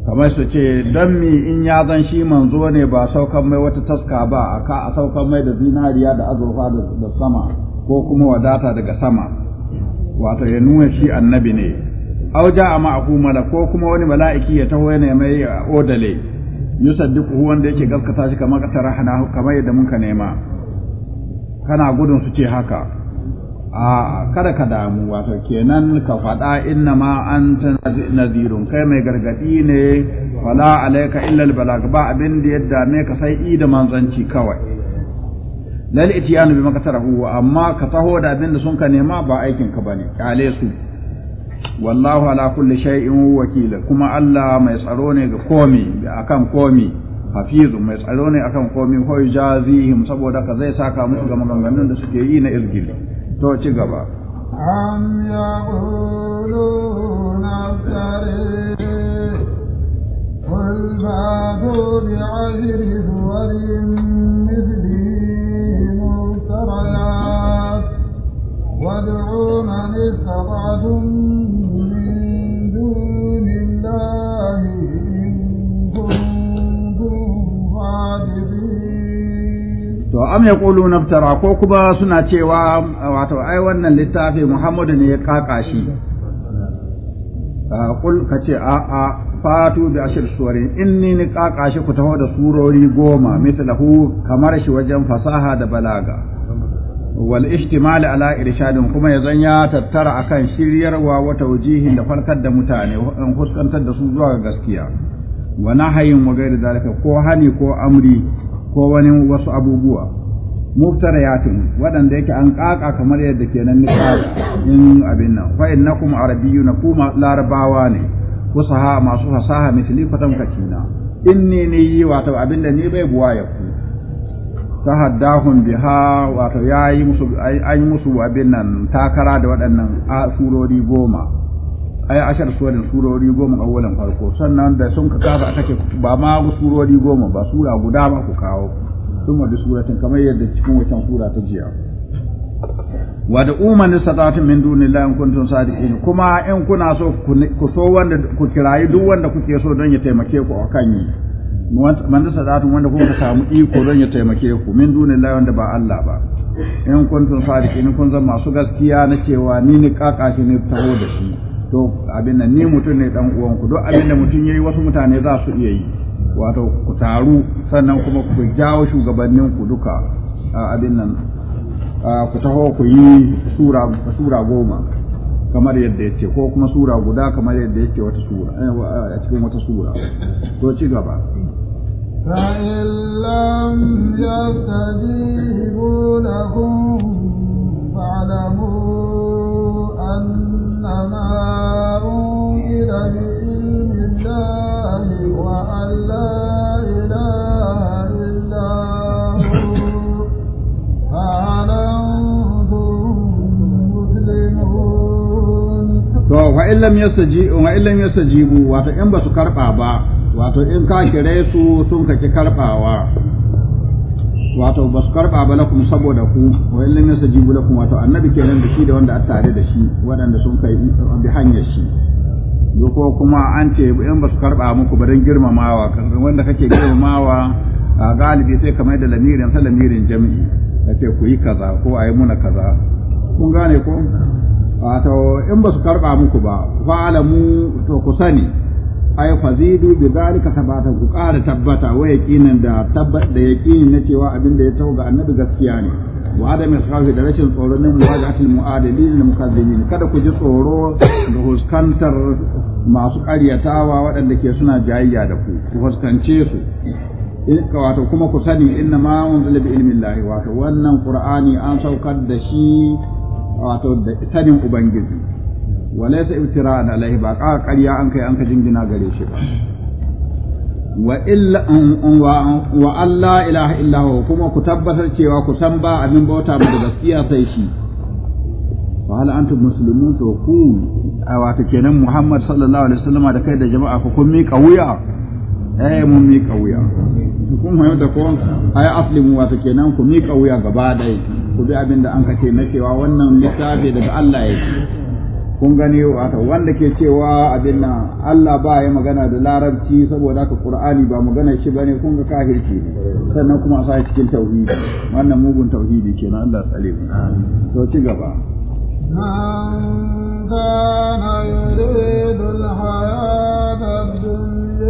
kamar su ce don mi in ya zan shi manzo ne ba saukan mai wata taska ba a ka a saukan mai da zinariya da azurfa da sama ko kuma wadata daga sama wato ya nuna shi annabi ne aw ja'a ma'ahu malak ko kuma wani mala'iki ya taho yana mai uh, odale yusaddiqu wanda yake gaskata shi kamar hana kamar yadda mun ka nema kana gudun su ce haka a kada ka damu wato kenan ka faɗa inna ma anta nazirun kai mai gargadi ne wala alayka illa albalag ba abin da yadda me ka sai i da manzanci kawai lal itiyanu bi makatarahu amma ka taho da abin da sun ka nema ba aikin ka bane kale su wallahu ala kulli shay'in wakil kuma Allah mai tsaro ne ga komi akan komi hafizu mai tsaro ne akan komi ko jazihim saboda ka zai saka musu ga maganganun da suke yi na izgil, to ci gaba am yaquluna tari وادعوا من استطعتم من دون الله إن كنتم to am naftara ko kuma suna cewa wato ai wannan littafi Muhammadu ne ya kaka shi kul ah, ka ce a a fatu bi ashir suwari inni ni kaka shi ku taho da surori goma mithlahu kamar shi wajen fasaha da balaga wal ihtimal ala irshadin kuma ya zanya tattara akan shiryarwa wa tawjihin da farkar da mutane an huskantar da su zuwa gaskiya wa nahayin wa gairi zalika ko hani ko amri ko wani wasu abubuwa muftariyatin waɗanda yake an ƙaƙa kamar yadda kenan nika in abin nan fa innakum arabiyyuna kuma larabawa ne kusaha masu fasaha misli kwatankaci na inni ne yi wato abin da ni bai buwa ya ku tahaddahum biha wato yayi musu an yi musu abin nan takara da waɗannan a surori goma ai ashar suwarin surori goma awwalan farko sannan da sun ka kafa aka ce ba ma surori goma ba sura guda ba ku kawo sun wadda suratin kamar yadda cikin wancan sura ta jiya wa da umar ni satatun min duni la in kuntum sadiqin kuma in kuna so ku so wanda ku kirayi duk wanda kuke so don ya taimake ku akan yi man da sadatun wanda kuka samu iko don ya taimake ku min dunin lai wanda ba Allah ba in kuntum sadiqin kun zama masu gaskiya na cewa ni ne shi ne taho da shi to abin nan ni mutum ne dan uwan ku duk abin da mutum yayi wasu mutane za su iya yi wato ku taru sannan kuma ku jawo shugabannin ku duka abin nan ku taho ku yi sura sura goma kamar yadda ce ko kuma sura guda kamar yadda ce wata sura eh, a cikin wata sura to ci gaba فإن لم يستجيبوا فاعلموا أنما أنزل بعلم الله وأن لا to wa illam yasaji wa illam yasajibu wato in ba su karba ba wato in ka kire su sun ka ki karbawa wato ba su karba ba lakum saboda ku wa illam yasajibu lakum wato annabi kenan da shi da wanda aka tare da shi waɗanda sun kai bi hanyar shi ko kuma an ce in ba su karba muku ba dan girmamawa kan wanda kake girmamawa a galibi sai kamar da lamirin sai lamirin jami'i ya ce ku yi kaza ko ayi muna kaza kun gane ko wato in ba su karba muku ba fa'alamu to ku sani ay fazidu bi zalika tabata ku ƙara tabbata wa yaqinan da tabbata da yaqini na cewa abin da ya tauga annabi gaskiya ne wa adam al-khawfi da rashin tsoro ne wa jahatul mu'adilin da mukazzibin kada ku ji tsoro da huskantar masu ƙaryatawa waɗanda ke suna jayayya da ku ku huskance su wato kuma ku sani inna ma unzila bi ilmi llahi wato wannan qur'ani an saukar da shi wato da sanin ubangiji walaysa da alaihi ba ka ƙarya an kai an ka jingina gare shi ba wa illa wa Allah ilaha illahu kuma ku tabbatar cewa ku san ba abin bauta ba da gaskiya sai shi wa hal antum muslimun to ku a wato kenan Muhammad sallallahu alaihi wasallam da kai da jama'a ku kun miƙa wuya eh mun mi kauya kun fahimta ko ai mu wata kenan ku mi wuya gaba dai ku bi abin da an kace na cewa wannan littafi daga Allah yake kun gani wata wanda ke cewa abin nan Allah ba ya magana da larabci saboda haka Qur'ani ba magana shi bane kun ga kafirci sannan kuma sai sa cikin tauhidi wannan mugun tauhidi kenan Allah tsare mu to ci gaba من كان يريد الحياة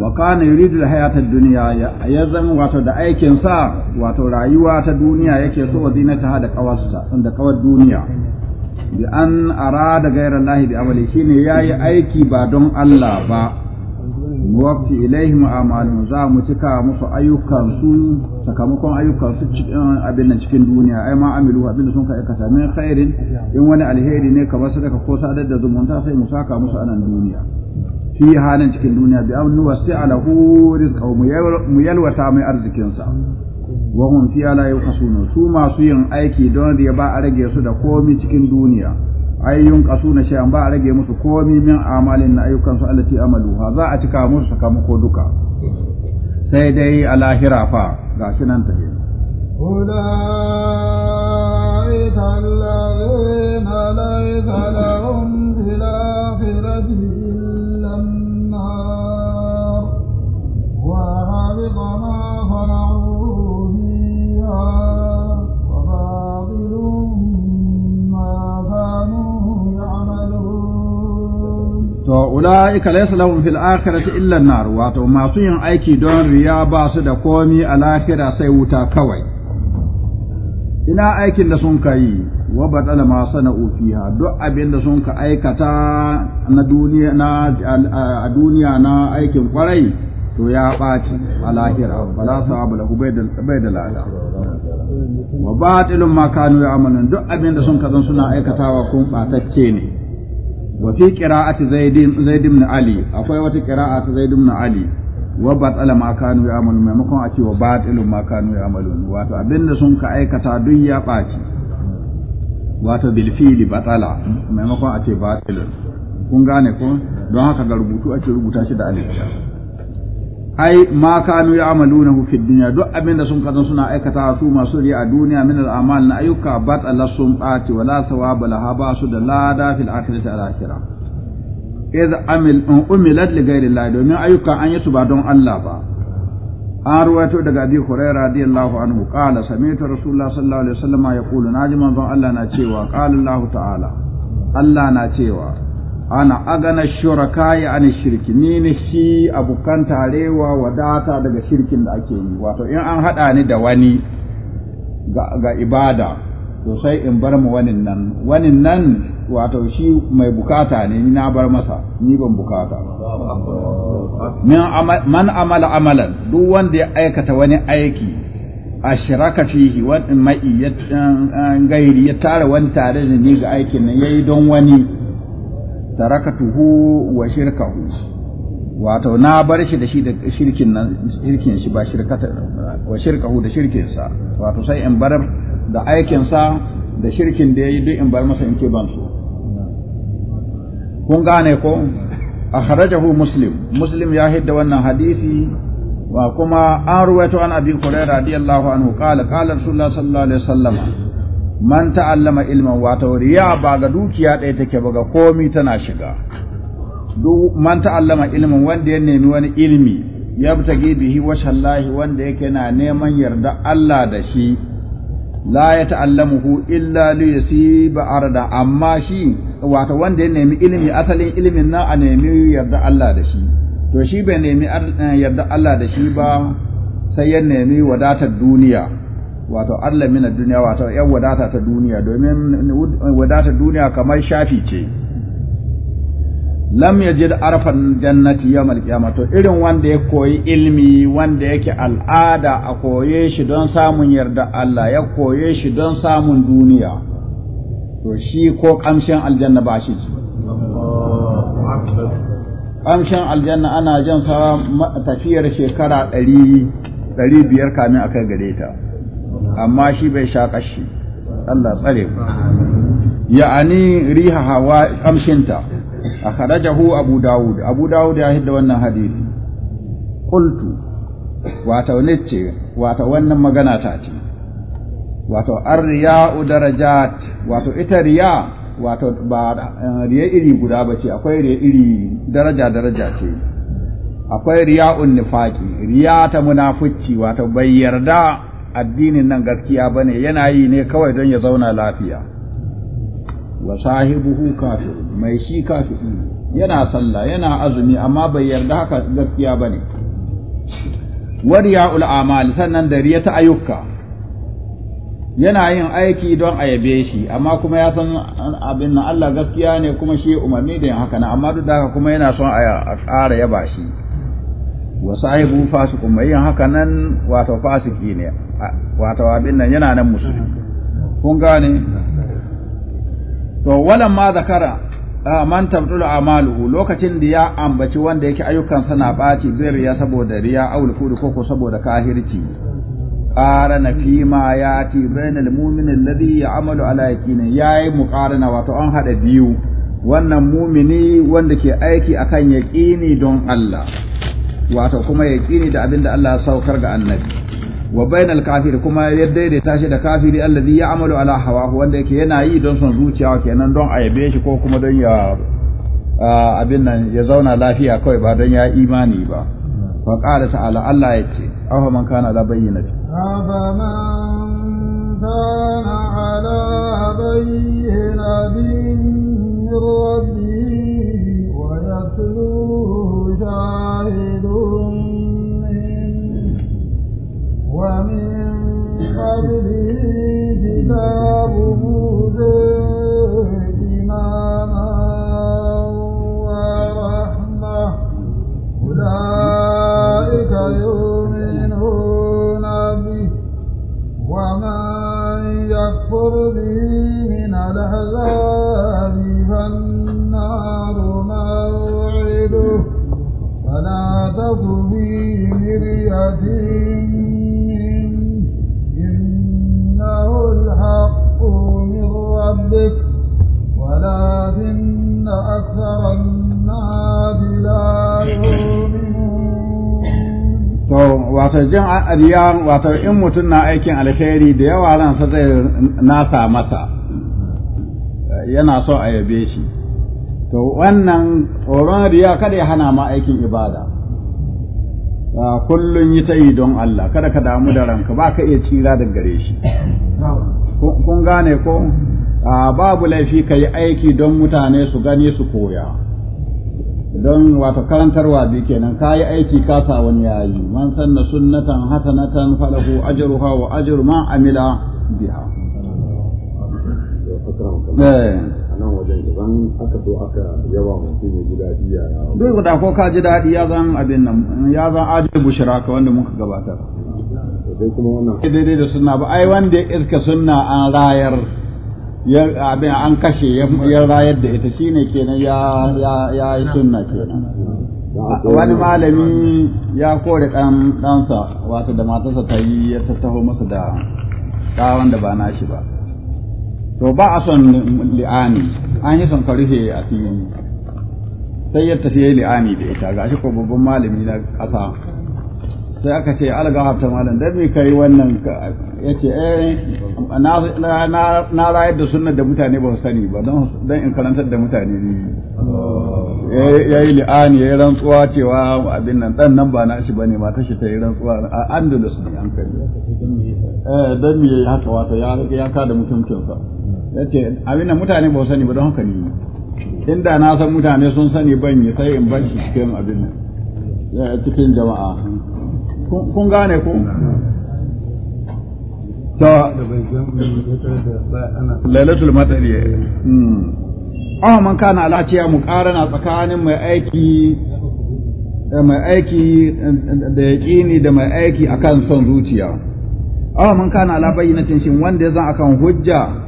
wa kana yuridu hayata duniya ya zama wato da aikin sa wato rayuwa ta duniya yake so wa ta hada kawarsa da kawar duniya bi an arada ghayra Allah bi amali shine yayi aiki ba don Allah ba muwafi ilaihim a'malun za mu cika musu ayyukan su sakamakon ayyukan su cikin abin nan cikin duniya ai ma amilu abin da sun ka aikata min khairin in wani alheri ne kamar sadaka ko sadar da zumunta sai mu saka musu anan duniya fi halin cikin duniya bi an wasi'a lahu rizqahu mu yalwata mai arzikin sa wa hum fi ala yuqasuna su masu yin aiki don riya ba a rage su da komi cikin duniya ay shi an ba a rage musu komi min amalin na ayyukan su allati ha za a cika musu sakamako duka sai dai a lahira fa shi nan tafi أولئك الذين ليس لهم في الآخرة to ula'ika laysa lahum fil akhirati illa nar wato masu yin aiki don riya ba su da komi a lahira sai wuta kawai ina aikin da sun kai wa batala ma sana'u fiha duk abin da sun ka aikata a duniya na aikin kwarai to ya ɓaci a lahira su sawabu lahu bai da lada wa batilun ma kanu ya'malun duk abin da sun kazan suna aikatawa kun batacce ne wa fi qira'ati "Zai zaid ali akwai wata qira'a ta zaid ibn ali wa batala ma kanu ya'malun maimakon a ce wa batilun ma kanu ya'malun wato abin da sun ka aikata duk ya ɓaci wato bil fili batala maimakon a ce batilun kun gane ko don haka ga rubutu ake rubuta shi da alif ai ma kanu ya'malunahu fi dunya duk abin da sun kaza suna aikata su masu riya a duniya min amal, na ayyuka bat sun ati wala thawaba laha ba su da lada fil akhirati al akhirah iz amil an um, umilat li ghairi allah domin ayyuka an yi su ba don Allah ba an daga abi hurairah radiyallahu anhu qala sami'tu rasulullah sallallahu alaihi wasallam yaqulu naji manzon Allah na cewa qala allah ta'ala Allah na cewa ana agana shuraka'i an shirki ni ne shi abokan tarewa wadata daga shirkin da ake yi wato in an hada ni da wani ga ibada to sai in bar mu wani nan wani nan wato shi mai bukata ne ni na bar masa ni ban bukata man amala amalan duk wanda ya aikata wani aiki shiraka fihi wani mai ya eh, eh, gairi ya tara wani tare da ni ga aikin nan yayi don wani tarakatuhu wa shirkahu wato na bar shi da shi da shirkin nan shirkin shi ba shirkata wa shirkahu da shirkin sa wato sai in bar da aikin sa da shirkin da yayi duk in bar masa in ke ban su kun gane ko akhrajahu muslim muslim ya hidda wannan hadisi wa kuma an ruwaito an abi hurairah radiyallahu anhu qala qala rasulullah sallallahu alaihi wasallam man ta'allama ilman wato ya ba ga dukiya ɗaya take ba ga komi tana shiga duk man ta'allama ilmin wanda ya nemi wani ilmi yabtagi bihi washallahi wanda yake na neman yarda Allah da shi la ya ta'allamuhu illa li yusiba arda amma shi wato wanda ya nemi ilimi asalin ilimin na a nemi yarda Allah da shi to shi bai nemi yarda Allah da shi ba sai ya nemi wadatar duniya wato Allah mina duniya wato yan wadata ta duniya domin wadata duniya kamar shafi ce lam yajid arfan jannati yawmal qiyamah to irin wanda ya koyi ilmi wanda yake al'ada a koye shi don samun yarda Allah ya koye shi don samun duniya to shi ko kamshin aljanna ba shi kamshin aljanna ana jan sa tafiyar shekara ɗari biyar kamin a kai gare ta amma shi bai shaƙa shi Allah tsare ya'ani riha hawa kamshinta a hu abu dawud abu dawud ya hidda wannan hadisi qultu wato nace wato wannan magana ta ce wato arriya'u darajat wato ita riya wato ba eh, riya iri guda ba ce akwai riya iri daraja daraja ce akwai riya'un nifaqi riya ta munafici wato bai yarda addinin nan gaskiya ba ne yana yi ne kawai don ya zauna lafiya wa sahibuhu kafir mai shi kafiri yana sallah yana azumi amma bai yarda haka gaskiya ba ne wariya ul-amali sannan da riya ta ayyuka yana yin aiki don a yabe shi amma kuma ya san abin nan Allah gaskiya ne kuma shi umarni da yin haka na amma duk da haka kuma yana son a ƙara yaba shi wa sahibu fasiqun mai yin haka nan wato fasiki ne wato abin nan yana nan musulmi kun gane to walan ma zakara man tabtulu amaluhu lokacin da ya ambaci wanda yake ayyukansa na baci zai riya saboda riya aul fudu koko saboda kahirci qarana fi ma yati bainal mu'min alladhi ya'malu ala yaqinin yayi muqarana wato an hada biyu wannan mumini wanda ke aiki akan yaqini don Allah wato kuma yaqini da abinda Allah ya saukar ga annabi wa bainal kafiri kuma ya daidaita shi da kafiri allazi amalu ala hawa wanda yake yana yi don son zuciya kenan don a yabe shi ko kuma don ya abin nan ya zauna lafiya kawai ba don ya imani ba fa qala ta'ala Allah ya ce aw man kana la bayyinati afa man kana ala min wa yatluhu shahid ومن قبله كتاب موسى إماما ورحمة أولئك يؤمنون به ومن يكفر به من العذاب فالنار موعده فلا تطفي مريته الحق من wato jin ariya wato in mutum na aikin alheri da yawa sa zai nasa masa yana so a yabe shi to wannan tsoron riya kada ya hana ma aikin ibada A ah, kullum yi ta yi don Allah kada ka damu da ranka ba ka iya tsira da gare shi kun gane ko ah, babu laifi ka yi aiki don mutane su gane su koya don wato karantarwa bi kenan ka yi aiki kasa wani yayi man sanna sunnatan hasanatan falahu ajruha wa ajru ma amila biha eh. wajen idan aka so aka yawa mutum ya ji daɗi ya duk da ko ka ji daɗi ya zan abin nan ya zan ajiye bushira ka wanda muka gabatar sai kuma wannan daidai da sunna ba ai wanda ya iska sunna an rayar ya abin an kashe ya rayar da ita shine kenan ya ya ya yi sunna kenan wani malami ya kore dan ɗansa wato da matarsa ta yi ya tattaho masa da ɗawan da ba nashi ba to ba a son li'ani an yi son ka rufe asiri sai ya tafi yi li'ani da ita ga shi ko babban malami na ƙasa sai aka ce alga hafta malam da mai kai wannan yace eh na rayar da sunnar da mutane ba su sani ba don in karantar da mutane ne yi li'ani yi rantsuwa cewa abin nan ɗan nan ba na shi ba ne, ma shi ta yi rantsuwa a andalus ne an kai eh dan haka wata ya ya kada mutuncinsa yace abin da mutane ba sani ba don haka ni inda na san mutane sun sani ban yi sai in bar shi cikin abin nan cikin jama'a kun gane ko ta lailatul yi. Hmm. awa ah, man kana alaciya mu karana tsakanin mai aiki mai aiki da ƙini da mai aiki akan son zuciya awa ah, man kana na bayyanatin shin wanda ya zan akan hujja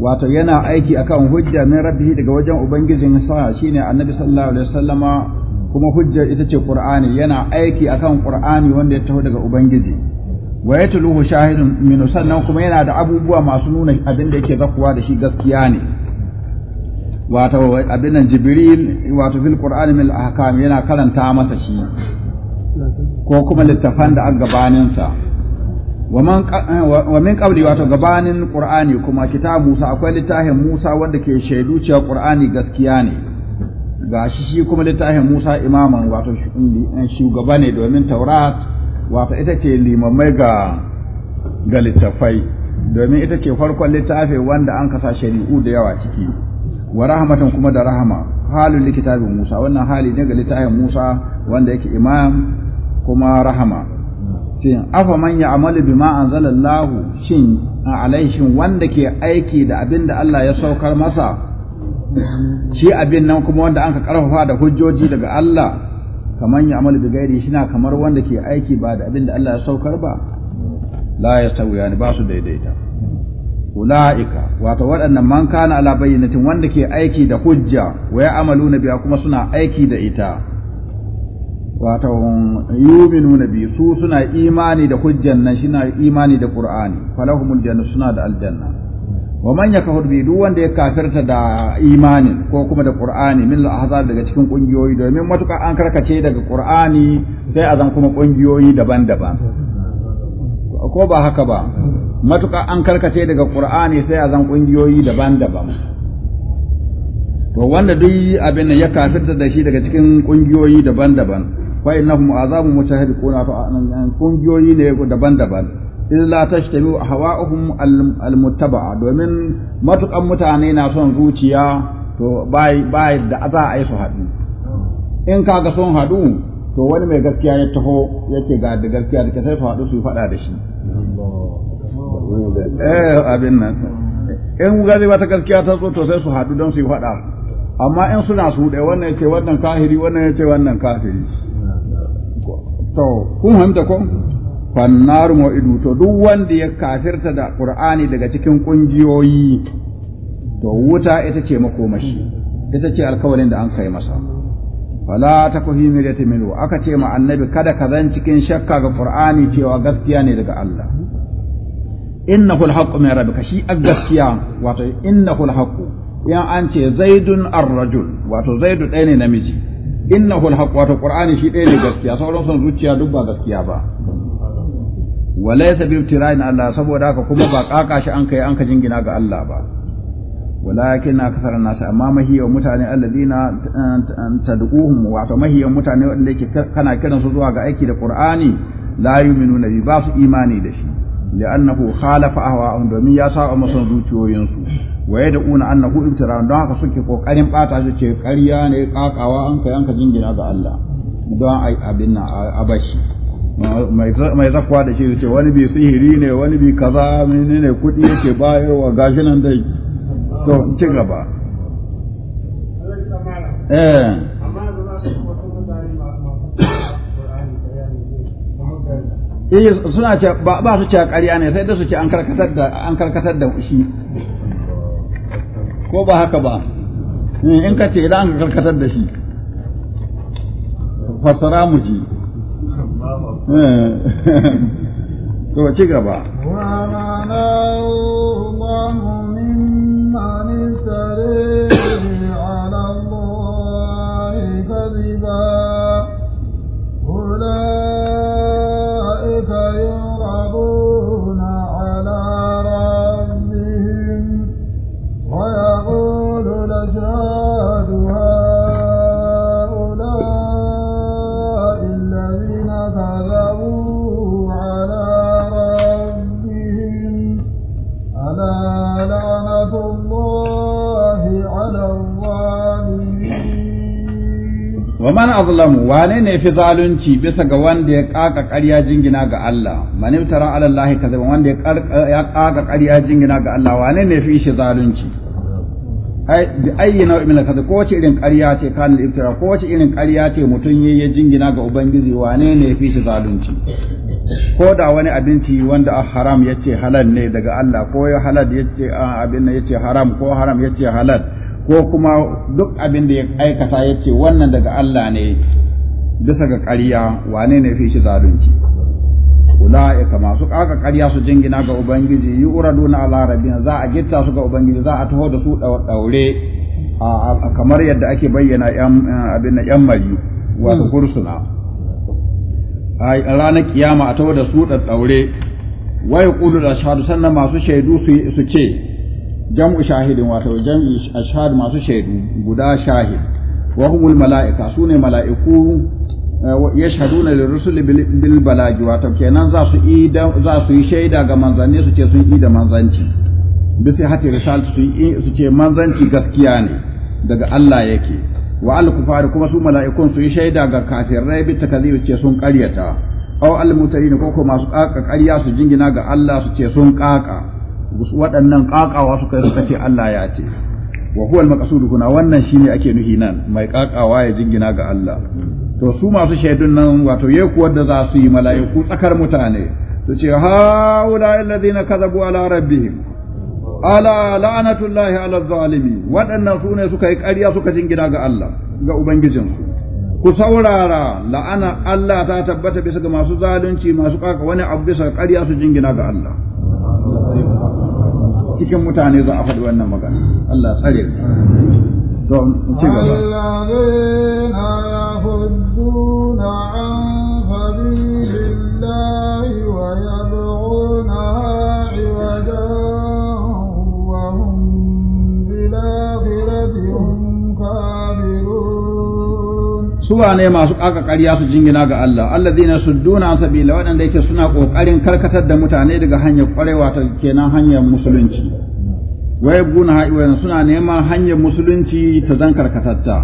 wato yana aiki akan hujja min rabbihi daga wajen ubangijin sa shine annabi sallallahu alaihi wasallama kuma hujja ita ce qur'ani yana aiki akan qur'ani wanda ya taho daga ubangiji wa yatluhu shahidun min sannan kuma yana da abubuwa masu nuna abin da yake zakuwa da shi gaskiya ne wato abin nan jibril wato fil qur'ani min ahkam yana karanta masa shi ko kuma littafan da an gabaninsa sa Eh, wa min qabli wato gabanin qur'ani kuma kitab Musa akwai littafin Musa wanda ke shaidu cewa qur'ani gaskiya ne Ga shi shi kuma littafin Musa imaman wato eh, shugaba ne domin Taurat wato ita ce limamai ga ga littafai domin ita ce farkon littafin wanda an kasa shari'u da yawa ciki wa rahmatan kuma da rahama halin likitabin Musa wannan hali ne ga littafin Musa wanda yake imam kuma rahama shin afa man ya'malu bima anzalallahu shin shin wanda ke aiki da abin da Allah ya saukar masa shi abin nan kuma wanda anka karfafa da hujjoji daga Allah kaman ya'malu bi gairi shina kamar wanda ke aiki ba da abin da Allah ya saukar ba la ya sauya ni ba su daidaita ula'ika wato waɗannan man kana ala bayyinatin wanda ke aiki da hujja wa amalu na biya kuma suna aiki da ita wato yu'minuna bi su suna imani da hujjan nan suna imani da qur'ani falahumul janna suna da aljanna wa man yakfur bi duk wanda ya kafirta da imani ko kuma da qur'ani min al-ahzab daga cikin kungiyoyi domin matuƙa an karkace daga qur'ani sai azan kuma kungiyoyi daban-daban ko ba haka ba matuƙa an karkace daga qur'ani sai azan kungiyoyi daban-daban to wanda duk abin da ya kafirta da shi daga cikin kungiyoyi daban-daban fa innahum azabu mutaharriquna to anan kungiyoyi ne daban-daban illa tashtami hawa'uhum almuttaba'a domin matukan mutane na son zuciya to bai bai da za a yi su haɗu in kaga son haɗu to wani mai gaskiya ya taho yace ga da gaskiya da kai su haɗu su faɗa da shi eh abin nan in gari wata gaskiya ta zo to sai su haɗu don su yi faɗa amma in suna su ɗaya wannan yace wannan kafiri wannan yace wannan kafiri to kun hanta ko fannar mu'idu to duk wanda ya kafirta da qur'ani daga cikin kungiyoyi to wuta ita ce makomashi ita ce alkawarin da an kai masa Wala ta kuhi mirati minhu aka ce ma annabi kada ka zan cikin shakka ga qur'ani cewa gaskiya ne daga Allah innahu alhaqqu min rabbika shi gaskiya wato innahu alhaqqu yan an ce zaidun arrajul wato zaidu dai ne namiji innahu alhaq wato qur'ani shi ɗaya ne gaskiya sauran sun zuciya duk ba gaskiya ba walaysa bi ibtira'in Allah saboda haka kuma ba kaka shi an kai an ka jingina ga Allah ba walakin akthar nasu amma mahiyan mutane alladhina eh, tad'uhum wato mahiyan mutane wanda yake kana kiran su zuwa ga aiki da qur'ani la yu'minuna bi ba su imani da shi li'annahu khalafa ahwa'ahum domin ya sa'a masan zuciyoyinsu wa ya da'una annahu ibtira don haka suke kokarin bata su ce ƙarya ne kakawa an kai an ka jingina ga Allah don ai abin nan a bashi mai zakwa da shi ce wani bi sihiri ne wani bi kaza ne ne kuɗi yake bayarwa gashi nan dai to ci gaba eh eh suna ce ba su ce ƙarya ne sai da su ce da an karkatar da shi ko ba haka ba eh, in ka ce idan ka karkatar da shi fasara mu ji eh, to ci gaba على الله كذبا wa man azlamu wane ne fi zalunci bisa ga wanda ya kaka ƙarya jingina ga Allah man tara ala Allah kaza wanda ya kaka ƙarya jingina ga Allah wane ne fi shi zalunci ai bi ayyi nau'in min kaza ko wace irin ƙarya ce kan iftira ko wace irin ƙarya ce mutun yayi ya jingina ga ubangiji wane ne fi shi zalunci ko da wani abinci wanda a haram yace halal ne daga Allah ko ya halal yace abin ne yace haram ko haram yace halal ko kuma duk abin da ya aikata ya ce wannan daga Allah ne bisa ga ƙarya wane ne fi shi zalunci ula'ika masu ƙaƙa ƙarya su jingina ga ubangiji yi uraduna ala rabbina za a gitta su ga ubangiji za a taho da su daure kamar yadda ake bayyana abin yan mari wata kursuna hmm. a ranar kiyama a taho da su ɗaure. wai qulu da shahadu sannan masu shaidu su ce jam'u shahidin wato jam'i ashhad masu shaidu guda shahid wa humul mala'ika sune mala'iku eh, yashhaduna lirrusuli bil balagi wato kenan za su ida za su yi shaida ga manzanni su ce sun ida manzanci bisi hati risal su ce manzanci gaskiya ne daga Allah yake wa al kufari kuma su mala'ikun su yi shaida ga kafirai bi takazib ce sun karyata aw al mutarin ko ko masu kaka karya su jingina ga Allah su ce sun ƙaƙa. waɗannan ƙaƙawa suka suka ce Allah ya ce wa huwa al-maqsud huna wannan shine ake nuhi nan mai ƙaƙawa ya jingina ga Allah to su masu shaidun nan wato ya kuwa da za su yi mala'iku tsakar mutane su ce haula alladhina kadhabu ala rabbihim ala la'natullahi ala zalimi waɗannan su ne suka yi ƙarya suka jingina ga Allah ga ubangijinsu ku saurara la'ana Allah ta tabbata bisa ga masu zalunci masu ƙaƙa wani abu bisa ƙarya su jingina ga Allah cikin mutane za a faɗi wannan magana Allah tsare to ci gaba alladhina yahudduna an sabilillahi wa su ne masu ƙaƙa ƙarya su jingina ga Allah alladhina sudduna sabila waɗanda yake suna ƙoƙarin karkatar da mutane daga hanyar ƙwarewa ta kenan hanyar musulunci waye guna ha'iwayen suna neman hanyar musulunci ta zan karkatatta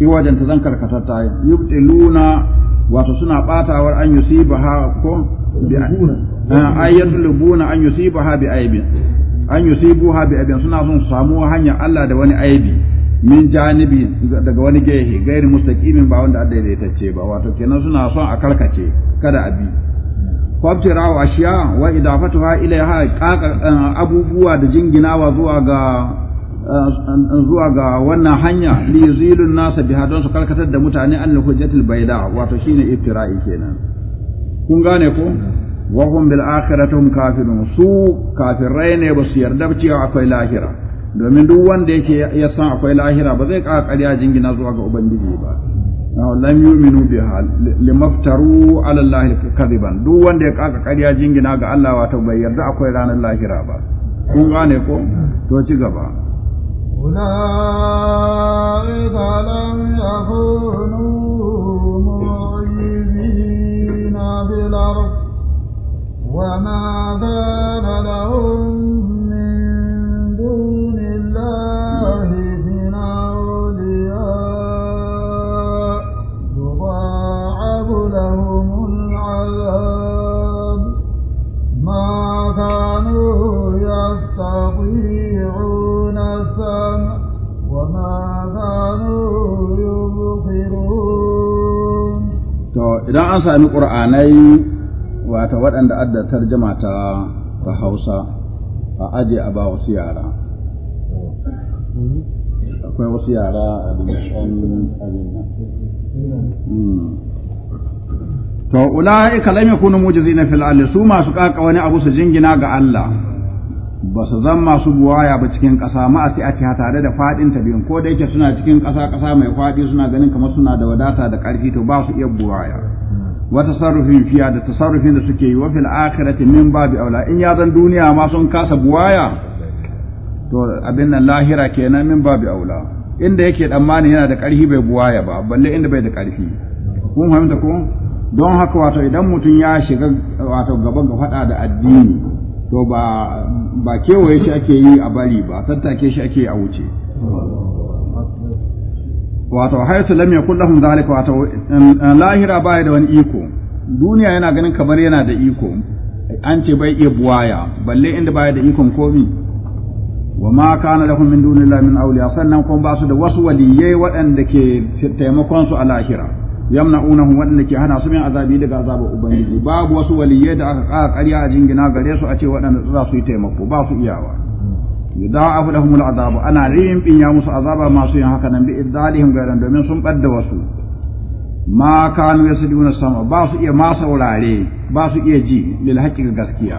wajen ta zan karkatatta yubtiluna wato suna batawar an ha ko bi eh, ayyatlubuna an ha bi aibin an ha bi aibin suna son su samu hanyar Allah da wani aibi min janibi daga wani gehe gairi mustaqimin ba wanda daidaitacce ba wato kenan suna son a karkace kada a bi kwabtirawa ashiya wa idafatuha ilaiha kaka eh, abubuwa da jinginawa zuwa ga eh, zuwa ga wannan hanya li yuzilu nasa biha don su karkatar da mutane an hujjatul bayda wato shine iftira'i kenan kun gane ko wa hum bil akhiratum kafirun su kafirai ne ba su yarda cewa akwai lahira domin duk wanda yake ya san akwai lahira ba zai ƙara karya jingina zuwa ga ubangiji ba lam yu'minu biha limaftaru ala allahi kadiban duk wanda ya ƙara ƙarya jingina ga Allah wato bai yarda akwai ranar lahira ba kun gane ko to ci gaba an sami ƙur'anai wata waɗanda adda tarjama ta ta hausa a aje a ba wasu yara akwai wasu yara a abin nan hmm. to ula'ika lam yakunu mujizina na ardi su masu ƙaƙa wani abu su jingina ga Allah ba su zan masu buwaya ba cikin ƙasa ma’asi a a tare da faɗin ta biyun ko da yake suna cikin ƙasa ƙasa mai faɗi suna ganin kamar suna da wadata da ƙarfi to ba su iya buwaya wa tasarrufin fiya da tasarrufin da suke yi wa fil akhirati min babi aula in ya zan duniya ma sun kasa buwaya to abin nan lahira kenan min babi aula inda yake tsammani yana da ƙarfi bai buwaya ba balle inda bai da ƙarfi kun fahimta ko don haka wato idan mutum ya shiga wato gaban ga faɗa da addini to ba ba kewaye shi ake yi a bari ba tattake shi ake yi a wuce wato haisu lam yakul lahum zalika wato eh, lahira baya da wani iko duniya yana ganin kamar yana da iko an ce bai iya buwaya balle inda baya da ikon komi wa ma kana lahum min dunillahi min awliya sannan kuma ba su da wasu waliyai waɗanda ke taimakon su a lahira yamna'unahum waɗanda ke hana su min azabi daga azabar ubangiji babu wasu waliyai da aka ƙara ƙarya a jingina gare su a ce waɗanda za su yi taimako ba su iyawa yudha'afu lahum al'azab ana rimbin ya musu azaba masu yin haka nan bi idhalihim gairan domin sun ɓadda wasu ma kanu na sama ba su iya masa wurare ba su iya ji lil haqqi gaskiya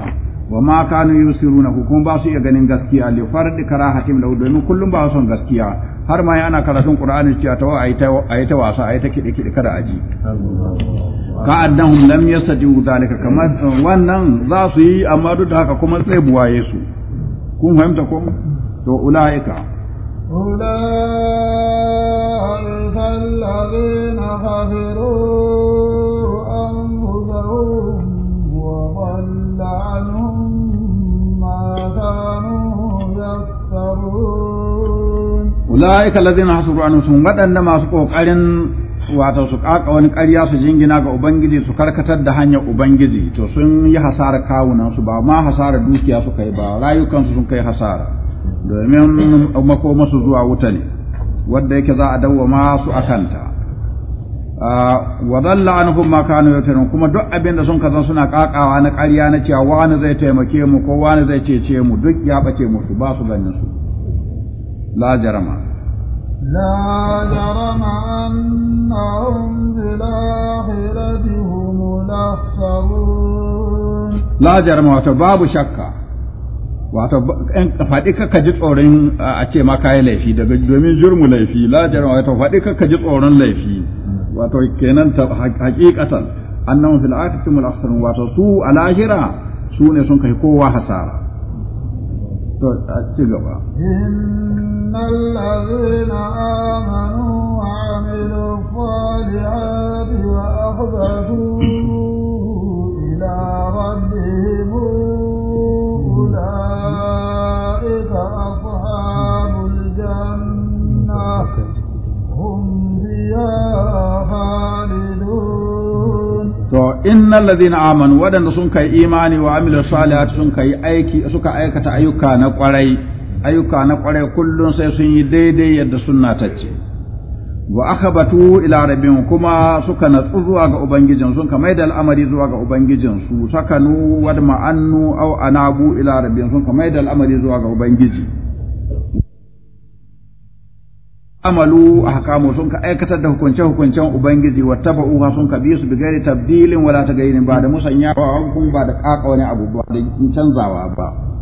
wa ma kanu yusiruna kuma ba su iya ganin gaskiya li fardi karahatim lahu domin kullum ba son gaskiya har ma yana karatun qur'ani cewa ta ayi ta ta wasa ayi ta kiɗe-kiɗe, kada aji ka annahum lam yasjudu zalika kamar wannan za su yi amma duk da haka kuma sai buwaye su kun fahimta ko to ulaika أولئك الذين خسروا أنفسهم وضل عنهم ما كانوا wato su kaka wani ƙarya su jingina ga ubangiji su karkatar da hanyar ubangiji to sun yi hasara kawunan su ba ma hasara dukiya suka yi ba rayukansu sun kai hasara domin makoma su zuwa wuta ne wadda yake za a ma su a kanta ah, wa dalla anhum ma kanu yaftarun kuma duk abin da sun zan suna kakawa na ƙarya na cewa wani zai taimake mu ko wani zai cece mu duk ya bace musu ba su ganin su la jarama la jarama annahum bil akhirati hum la jarama wato babu shakka wato faɗi kaka ji tsoron a ce ma kayi laifi daga domin jurmu laifi lajar wato faɗi kaka ji tsoron laifi wato kenan ta haƙiƙatan annahu fil akhirati mul akhsarun wato su alahira su ne sun kai kowa hasara to a ci gaba innal ladzina amanu wa amilu salihati wa akhbatu ila rabbihim أولئك أصحاب الجنة هم فيها to innal ladina amanu wadanda sun kai imani wa amilu salihati sun kai aiki suka aikata ayyuka na kwarai ayyuka na kwarai kullun sai sun yi daidai yadda sunna ta wa akhabatu ila rabbihim kuma suka natsu zuwa ga ubangijin sun kamar da al'amari zuwa ga ubangijin su sakanu wad ma'annu au anabu ila rabbihim sun kamar da al'amari zuwa ga ubangiji amalu ahkamu sun ka aikatar da hukunce hukuncen ubangiji wa taba'uha sun ka bi su bi gairi tabdilin wala gairin ba da musanya ba kun ba da kaka wani abu ba da canzawa ba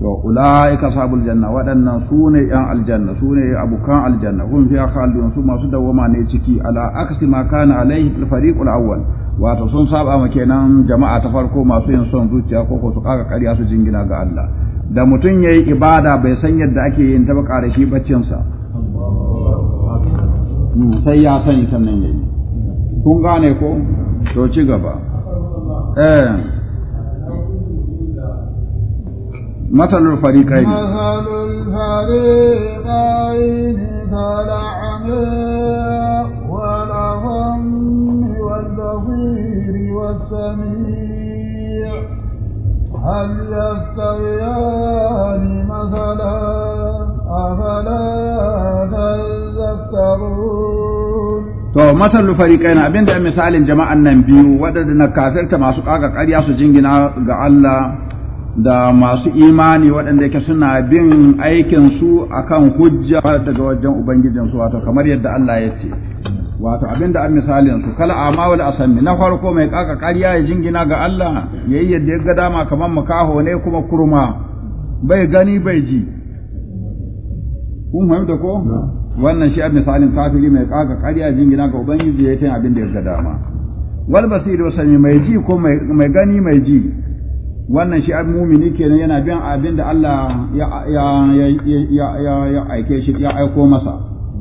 to ulaika sabul janna waɗannan su ne yan aljanna su ne abukan aljanna hum fiya khalidun su masu dawwama ne ciki ala aksi ma kana alaihi al-fariqul awwal wato sun saba ma kenan jama'a ta farko masu yin son zuciya ko ko su kaga ƙarya su jingina ga Allah da mutum yayi ibada bai san yadda ake yin ta ba ƙara shi baccin sa hmm, sai ya sani sannan yayi kun gane ko to ci gaba eh مثل الفريقين مثل الفريقين كالأعمى والأغم والبصير والسميع هل يستويان مثلا أفلا تذكرون To, abinda misalin jama'an nan biyu waɗanda na kafirta masu ƙaga ƙarya su jingina ga Allah da masu imani waɗanda yake suna bin aikinsu akan hujja daga wajen Ubangijinsu wato kamar yadda Allah ya ce. Wato abinda an misalin su kala amawul asami na farko mai kaka ƙarya ya jingina ga Allah yayi yadda ya ga dama kamar makaho ne kuma kurma bai gani bai ji. Kun fahimta ko? Wannan shi an misalin kafiri mai kaka ƙarya jingina ga Ubangiji ya yi abin da ya ga dama. Wal basir wa mai ji ko mai gani mai ji wannan shi an mumini kenan yana bin abin da Allah ya aike shi ya aiko masa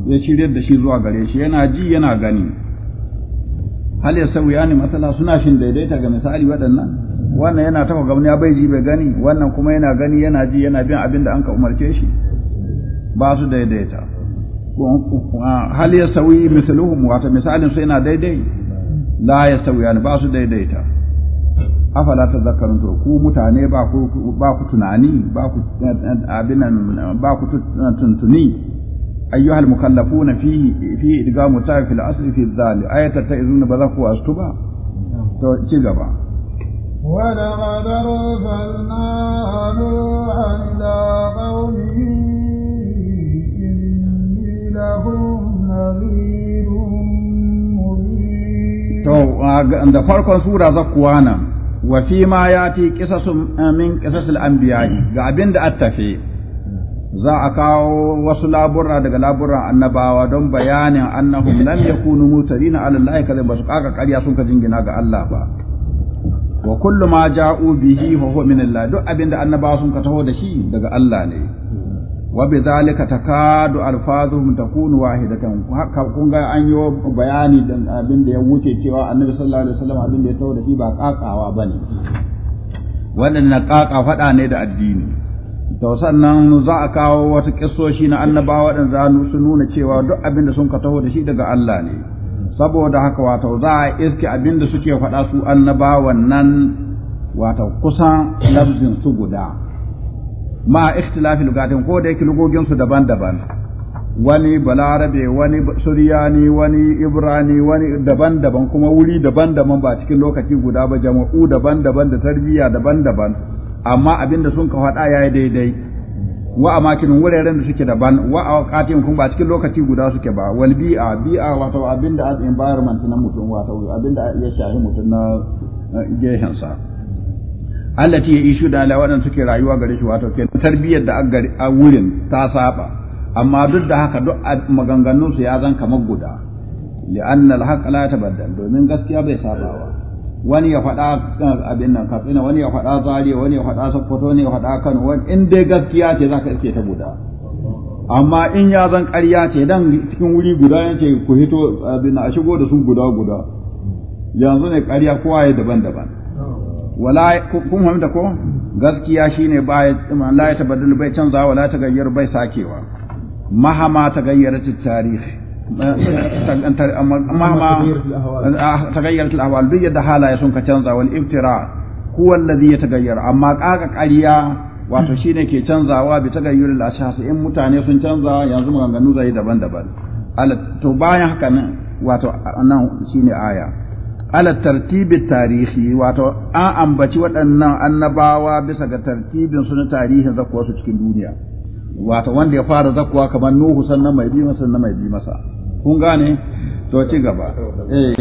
ya shirya da shi zuwa gare shi yana ji yana gani hal ya sauya ne matsala suna shin daidaita ga misali waɗannan wannan yana tafa gamni ya bai ji bai gani wannan kuma yana gani yana ji yana bin abin da an ka umarce shi ba su daidaita hal ya sauyi misaluhum wata misalin su yana daidai la ya sauya ba su daidaita afala ta zakarun to ku mutane ba ku ba ku tunani ba ku abinan ba ku tuntuni ayyuha almukallafuna fi fi idgamu ta fil asli fi dhal ayata ta izun ba za ku astu ba to ci gaba ولقد أرسلنا نوحا إلى قومه إني لكم نذير مبين. تو عند فرق سورة ذكوانا wa fi ma yati qisasun eh, min qisasil anbiya'i ga abin da za a kawo wasu labura daga laburan annabawa don bayanin annahum lam yakunu mutarina ala Allah kadai basu kaka ƙarya sun ka jingina ga Allah ba wa kullu ma ja'u bihi huwa min Allah duk abin da annabawa sun ka taho da shi daga Allah ne wa bi zalika takadu alfazuhum takunu wahidatan haka kun ga an yi bayani dan abin da ya wuce cewa annabi sallallahu alaihi wasallam abin da ya tawo da ba kakawa bane waɗannan kaka faɗa ne da addini to sannan za a kawo wata kissoshi na annabawa waɗanda su nuna cewa duk abin da sun ka taho da shi daga Allah ne saboda haka wato za a iske abin da suke faɗa su annabawan nan wato kusan lafzin su guda ma ikhtilafi lugatin ko da yake lugogin su daban-daban wani balarabe wani suriyani wani ibrani wani daban-daban kuma wuri daban-daban ba cikin lokaci guda ba jama'u daban-daban da tarbiyya daban-daban amma abinda sun ka faɗa yayi daidai wa amakinin wuraren da suke daban wa wakatin kuma ba cikin lokaci guda suke ba wal bi'a bi'a wato abinda environment na mutum wato abinda ya shafi mutum na gehensa. sa allati ya ishu da ala waɗanda suke rayuwa gare shi wato ke tarbiyyar da a wurin ta saba amma duk da haka duk maganganun su ya zan kamar guda li'an al-haq la tabaddal domin gaskiya bai sabawa wani ya faɗa abin nan katsina wani ya faɗa zariya wani ya faɗa sokoto ne ya faɗa kano wani in dai gaskiya ce za ka iske ta guda amma in ya zan ƙarya ce dan cikin wuri guda yace ku hito abin a shigo da su guda guda yanzu ne ƙarya kowa ya daban-daban wala kun fahimta ko gaskiya shine ba la ya tabaddalu bai canza wala ta gayyar bai sakewa mahama ta gayyar tarihi mahama ah, ta gayyar ahwal duk yadda halaye sun ka canza wal iftira huwa alladhi yatagayyar amma kaka ƙarya wato shine ke canzawa bi tagayyuril ashas in mutane sun canza yanzu maganganu zai daban-daban to bayan haka nan wato nan shine aya ala tartibin tarihi wato an ambaci waɗannan annabawa bisa ga tartibin su na tarihin zakuwa su cikin duniya wato wanda ya fara zakuwa kamar nuhu sannan mai bi masa sannan mai bi masa kun gane to ci gaba eh,